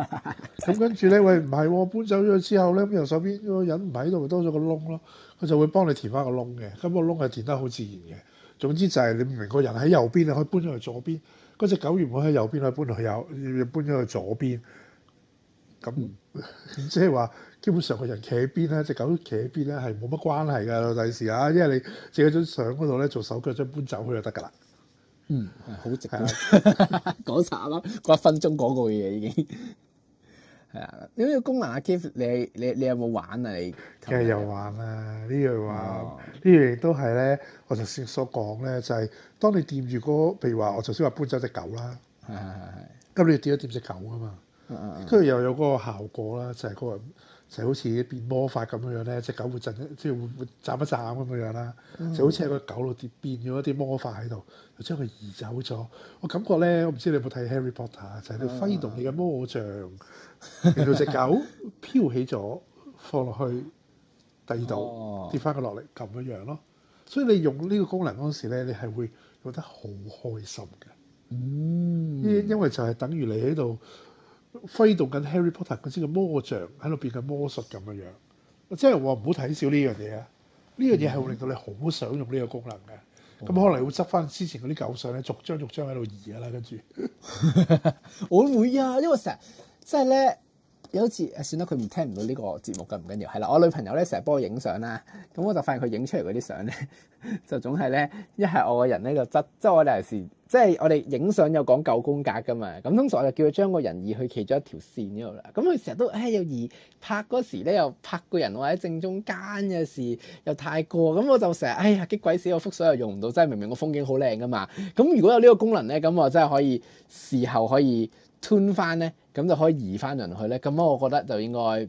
Speaker 1: 咁跟住咧，喂唔係喎，搬走咗之後咧，咁右手邊個人唔喺度，多咗個窿咯。佢就會幫你填翻個窿嘅。咁、個窿係填得好自然嘅。總之就係你明個人喺右邊，你可以搬咗去左邊。嗰隻狗原本喺右邊，可以搬落去右要搬咗去左邊。咁、嗯、即係話，基本上個人企喺邊咧，隻狗企喺邊咧，係冇乜關係嘅第時啊。因為你自己張相嗰度咧，做手腳將搬走佢就得
Speaker 2: 噶啦。嗯，係好值得，講晒啦？嗰一分鐘講過嘅嘢已經係啊，呢個功能啊，Kif，你你你有冇玩啊？你梗係有玩啊，呢樣話，呢樣亦都係咧，我頭先所講咧，就係
Speaker 1: 當你掂住嗰，譬如話我頭先話搬走隻狗啦，係係係，咁你要掂一掂隻狗啊嘛。跟住、嗯、又有嗰個效果啦，就係、是、嗰個就係、是、好似變魔法咁樣樣咧，隻狗會震，即、就、係、是、會會眨一眨咁樣樣啦，嗯、就好似喺個狗度啲變咗一啲魔法喺度，就將佢移走咗。我感覺咧，我唔知你有冇睇《Harry Potter》，就係、是、你揮動你嘅魔杖，令到隻狗飄起咗， 放落去第二度跌翻佢落嚟咁樣樣咯。哦、所以你用呢個功能嗰陣時咧，你係會覺得好開心嘅。嗯，因因為就係等於你喺度，揮動緊《Harry Potter》嗰啲嘅魔杖喺度變嘅魔術咁嘅樣，即係話唔好睇少呢樣嘢啊！呢樣嘢係會令到你好想用呢個功能嘅，咁、嗯、可能會執翻之
Speaker 2: 前嗰啲舊相咧，逐張逐張喺度移噶啦，跟住 我會啊，因為成日即係咧，有一次誒，算啦，佢唔聽唔到呢個節目㗎，唔緊要，係啦，我女朋友咧成日幫我影相啦，咁我就發現佢影出嚟嗰啲相咧，就總係咧一係我個人咧個質，即係我哋係時。即係我哋影相有講九宮格噶嘛，咁通常我就叫佢將個人移去其中一條線嗰度啦。咁佢成日都唉又移拍嗰時咧，又拍個人或者正中間嘅時又太過，咁我就成日唉呀激鬼死！我幅相又用唔到，真係明明個風景好靚噶嘛。咁如果有呢個功能咧，咁我真係可以事後可以 turn 翻咧，咁就可以移翻人去咧。咁我覺得就應該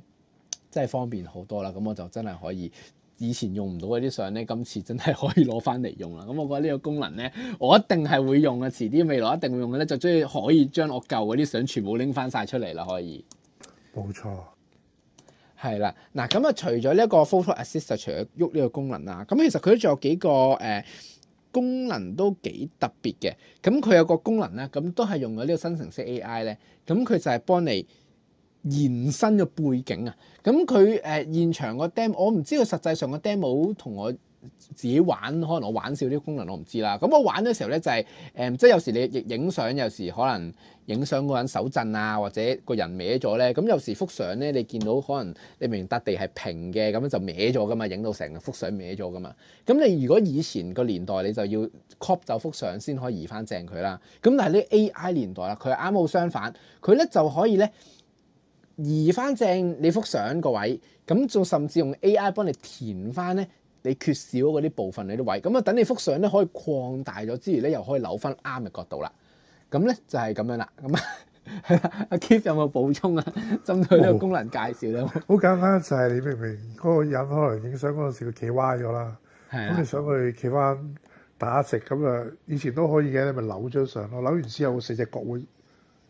Speaker 2: 真係方便好多啦。咁我就真係可以。以前用唔到嗰啲相咧，今次真係可以攞翻嚟用啦。咁我覺得呢個功能咧，我一定係會用嘅。遲啲未來一定會用嘅咧，就中意可以將我的舊嗰啲相全部拎翻晒出嚟啦。可以，冇錯，係啦。嗱咁啊，除咗呢一個 Photo Assist 除咗喐呢個功能啊，咁其實佢仲有幾個誒、呃、功能都幾特別嘅。咁佢有個功能咧，咁都係用咗呢個生成式 AI 咧，咁佢就係幫你。延伸嘅背景啊，咁佢誒現場個 demo，我唔知道實際上個 demo 同我自己玩，可能我玩少啲功能我唔知啦。咁我玩嘅時候咧，就係、是、誒、嗯，即係有時你影相，有時可能影相個人手震啊，或者個人歪咗咧。咁有時幅相咧，你見到可能你明明笪地係平嘅，咁就歪咗噶嘛，影到成幅相歪咗噶嘛。咁你如果以前個年代，你就要 crop 就幅相先可以移翻正佢啦。咁但係呢 AI 年代啦，佢啱好相反，佢咧就可以咧。移翻正你幅相個位，咁仲甚至用 A.I. 幫你填翻咧你缺少嗰啲部分你啲位，咁啊等你幅相咧可以擴大咗之餘咧又可以扭翻啱嘅角度啦。咁咧就係咁樣啦。咁 啊，阿 Keep 有冇補充啊？針對呢個功能介紹咧？好、
Speaker 1: 哦、 簡單就係、是、你明唔明嗰、那個人可能影相嗰陣時佢企歪咗啦，咁的你想去企翻打直咁啊，以前都可以嘅，你咪扭張相咯。扭完之後四隻角會。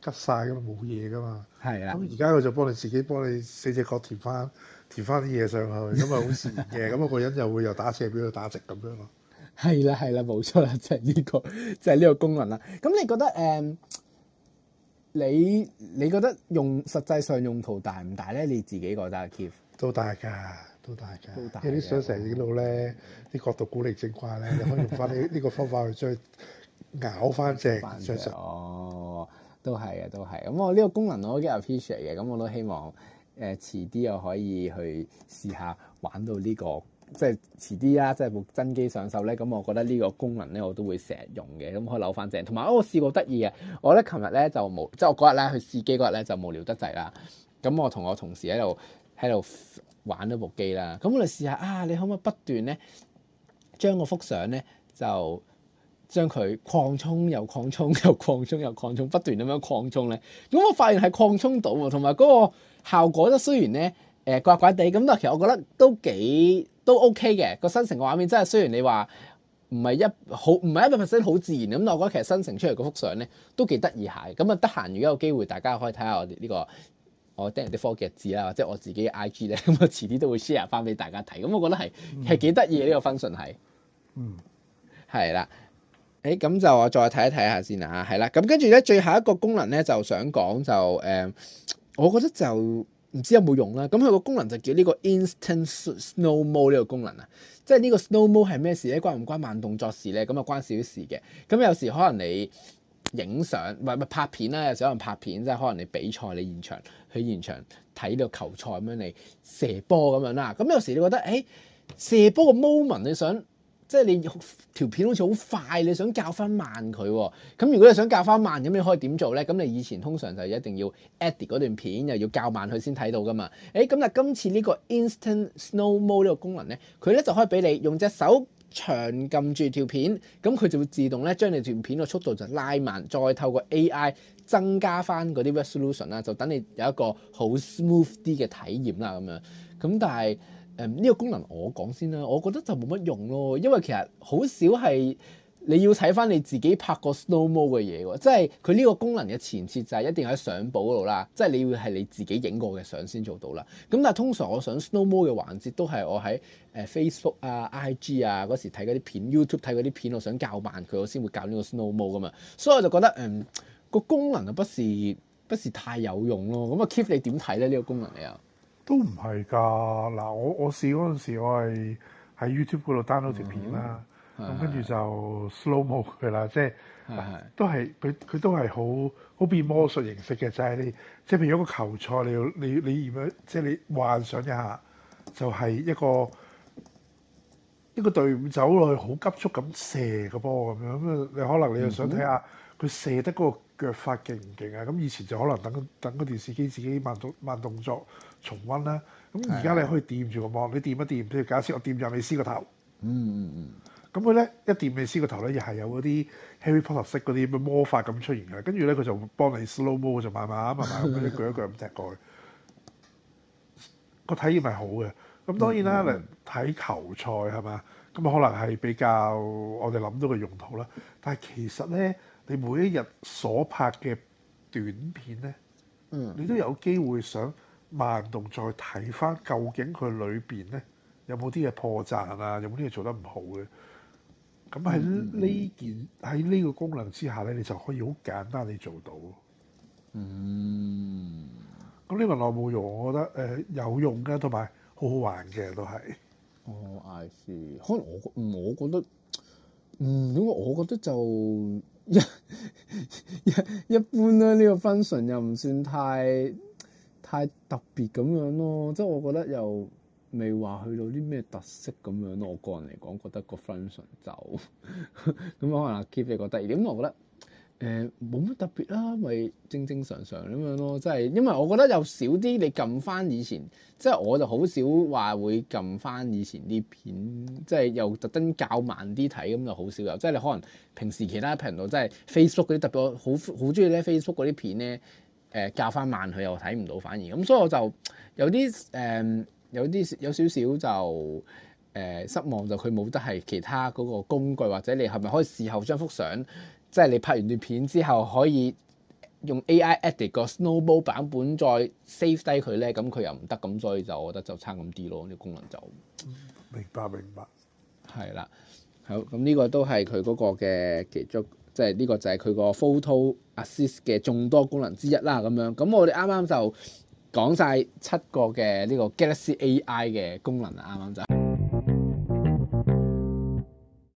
Speaker 1: 得晒噶嘛，冇嘢噶嘛。係啊。咁而家我就幫你自己幫你四隻角填翻，填翻啲嘢上去，咁啊好自
Speaker 2: 然嘅。咁一 個人就會又打斜邊度打直咁樣咯。係啦，係啦，冇錯啦，就係呢個，就係呢個功能啦。咁你覺得誒，你你覺得用實際上用途大唔大咧？你自己覺得 Keith 都大㗎，
Speaker 1: 都大㗎，有啲相成日影到咧，啲角度鼓勵正啩咧， 你可以用翻呢呢個方法去將
Speaker 2: 咬翻正，哦。都係嘅，都係。咁我呢個功能我都幾 appreciate 嘅。咁我都希望誒遲啲又可以去試下玩到呢個，即係遲啲啦，即係部真機上手咧。咁我覺得呢個功能咧我都會成日用嘅。咁可以扭翻正。同埋我試過得意嘅，我咧琴日咧就冇，即係我嗰日咧去試機嗰日咧就無聊得滯啦。咁我同我同事喺度喺度玩咗部機啦。咁我哋試下啊，你可唔可以不斷咧將個幅相咧就～將佢擴，擴充又擴充又擴充又擴充，不斷咁樣擴充咧。咁我發現係擴充到喎，同埋嗰個效果咧，雖然咧誒怪怪地咁，但其實我覺得都幾都 O K 嘅。個新城嘅畫面真係雖然你話唔係一好唔係一百 percent 好自然咁，我覺得其實新城出嚟嗰幅相咧都幾得意下嘅。咁啊，得閒如果有機會，大家可以睇下我哋、這、呢個我叮人啲科技字啦，或者我自己嘅 I G 咧咁，遲 啲都會 share 翻俾大家睇。咁我覺得係係幾得意嘅呢個 function 係，嗯，係啦。咁、欸、就我再睇一睇下先啊，係、嗯、啦，咁跟住咧，最後一個功能咧，就想講就誒、嗯，我覺得就唔知有冇用啦。咁佢個功能就叫呢個 Instant Slow-mo 呢個功能啊，即係呢個 Slow-mo 係咩事咧？關唔關慢動作事咧？咁啊關少事嘅。咁有時可能你影相，唔係唔係拍片啦，有時可能拍片，即係可能你比賽，你現場去現場睇呢個球賽咁樣嚟射波咁樣啦。咁有時你覺得誒、欸、射波個 moment 你想，即係你條片好似好快，你想較翻慢佢喎。咁如果你想較翻慢，咁你可以點做咧？咁你以前通常就一定要 edit 嗰段片，又要較慢佢先睇到噶嘛。誒、哎，咁但係今次呢個 Instant Slow Mo 呢個功能咧，佢咧就可以俾你用隻手長撳住條片，咁佢就會自動咧將你條片嘅速度就拉慢，再透過 AI 增加翻嗰啲 resolution 啦，就等你有一個好 smooth 啲嘅體驗啦咁樣。咁但係。誒呢個功能我講先啦，我覺得就冇乜用咯，因為其實好少係你要睇翻你自己拍過 slow mo 嘅嘢喎，即係佢呢個功能嘅前設就係一定喺相簿嗰度啦，即係你要係你自己影過嘅相先做到啦。咁但係通常我想 slow mo 嘅環節都係我喺誒 Facebook 啊、IG 啊嗰時睇嗰啲片、YouTube 睇嗰啲片，我想較慢佢，我先會較呢個 slow mo 噶嘛。所以我就覺得誒個功能啊，不是不是太有用咯。咁啊，Keith 你點睇咧？呢個功能你啊？
Speaker 1: 都唔係㗎嗱！我我試嗰陣時我，我係喺 YouTube 嗰度 download 條片啦。咁跟住就 slow mo 佢啦，即係、嗯、都係佢佢都係好好變魔術形式嘅。就係、是、你即係、就是、譬如一個球賽，你你你而家即係你幻想一下，就係、是、一個一個隊伍走落去，好急速咁射個波咁樣咁。你可能你又想睇下佢射得嗰個腳法勁唔勁啊？咁以前就可能等等個電視機自己慢動慢動作。重溫啦，咁而家你可以掂住個網，的你掂一掂，譬如假設我掂咗美斯個頭，嗯嗯嗯，咁佢咧一掂美斯個頭咧，又係有嗰啲 Harry Potter 式嗰啲咁嘅魔法咁出現嘅，跟住咧佢就幫你 slow mo 就慢慢慢慢咁樣一舉一舉咁踢過去，個 體驗係好嘅。咁當然啦，睇、嗯、球賽係嘛，咁可能係比較我哋諗到嘅用途啦。但係其實咧，你每一日所拍嘅短片咧，嗯、你都有機會想。慢動再睇翻，究竟佢裏邊咧有冇啲嘢破綻啊？有冇啲嘢做得唔好嘅？咁喺呢件喺呢、嗯、個功能之下咧，你就可以好簡單地做到。嗯。咁呢份內務用，我覺得誒、呃、有用嘅，同埋好好玩嘅都係。
Speaker 2: 我、哦、I、see。可能我我覺得，嗯，因為我覺得就一一 一般啦，呢個 function 又唔算太。太特別咁樣咯，即係我覺得又未話去到啲咩特色咁樣咯。我個人嚟講，覺得個 function 就咁 可能阿 Keep 你覺得點？而我覺得誒冇乜特別啦，咪正正常常咁樣咯。即係因為我覺得又少啲，你撳翻以前，即係我就好少話會撳翻以前啲片，即係又特登較慢啲睇咁就好少有。即係你可能平時其他頻道即係 Facebook 嗰啲，特別我好好中意咧 Facebook 嗰啲片咧。誒較返慢佢又睇唔到，反而咁，所以我就有啲誒、嗯、有啲有少少就誒、呃、失望，就佢冇得係其他嗰個工具，或者你係咪可以事後將幅相，即係你拍完段片之後可以用 AI edit 個 snowball 版本再 save 低佢咧，咁佢又唔得，咁所以就我覺得就差咁啲咯，呢個功能就明白明白，係啦，好咁呢個都係佢嗰個嘅技術，即係呢個就係佢個 photo。assist 嘅眾多功能之一啦，咁樣，咁我哋啱啱就講晒七個嘅呢個 Galaxy AI 嘅功能啊，啱啱就。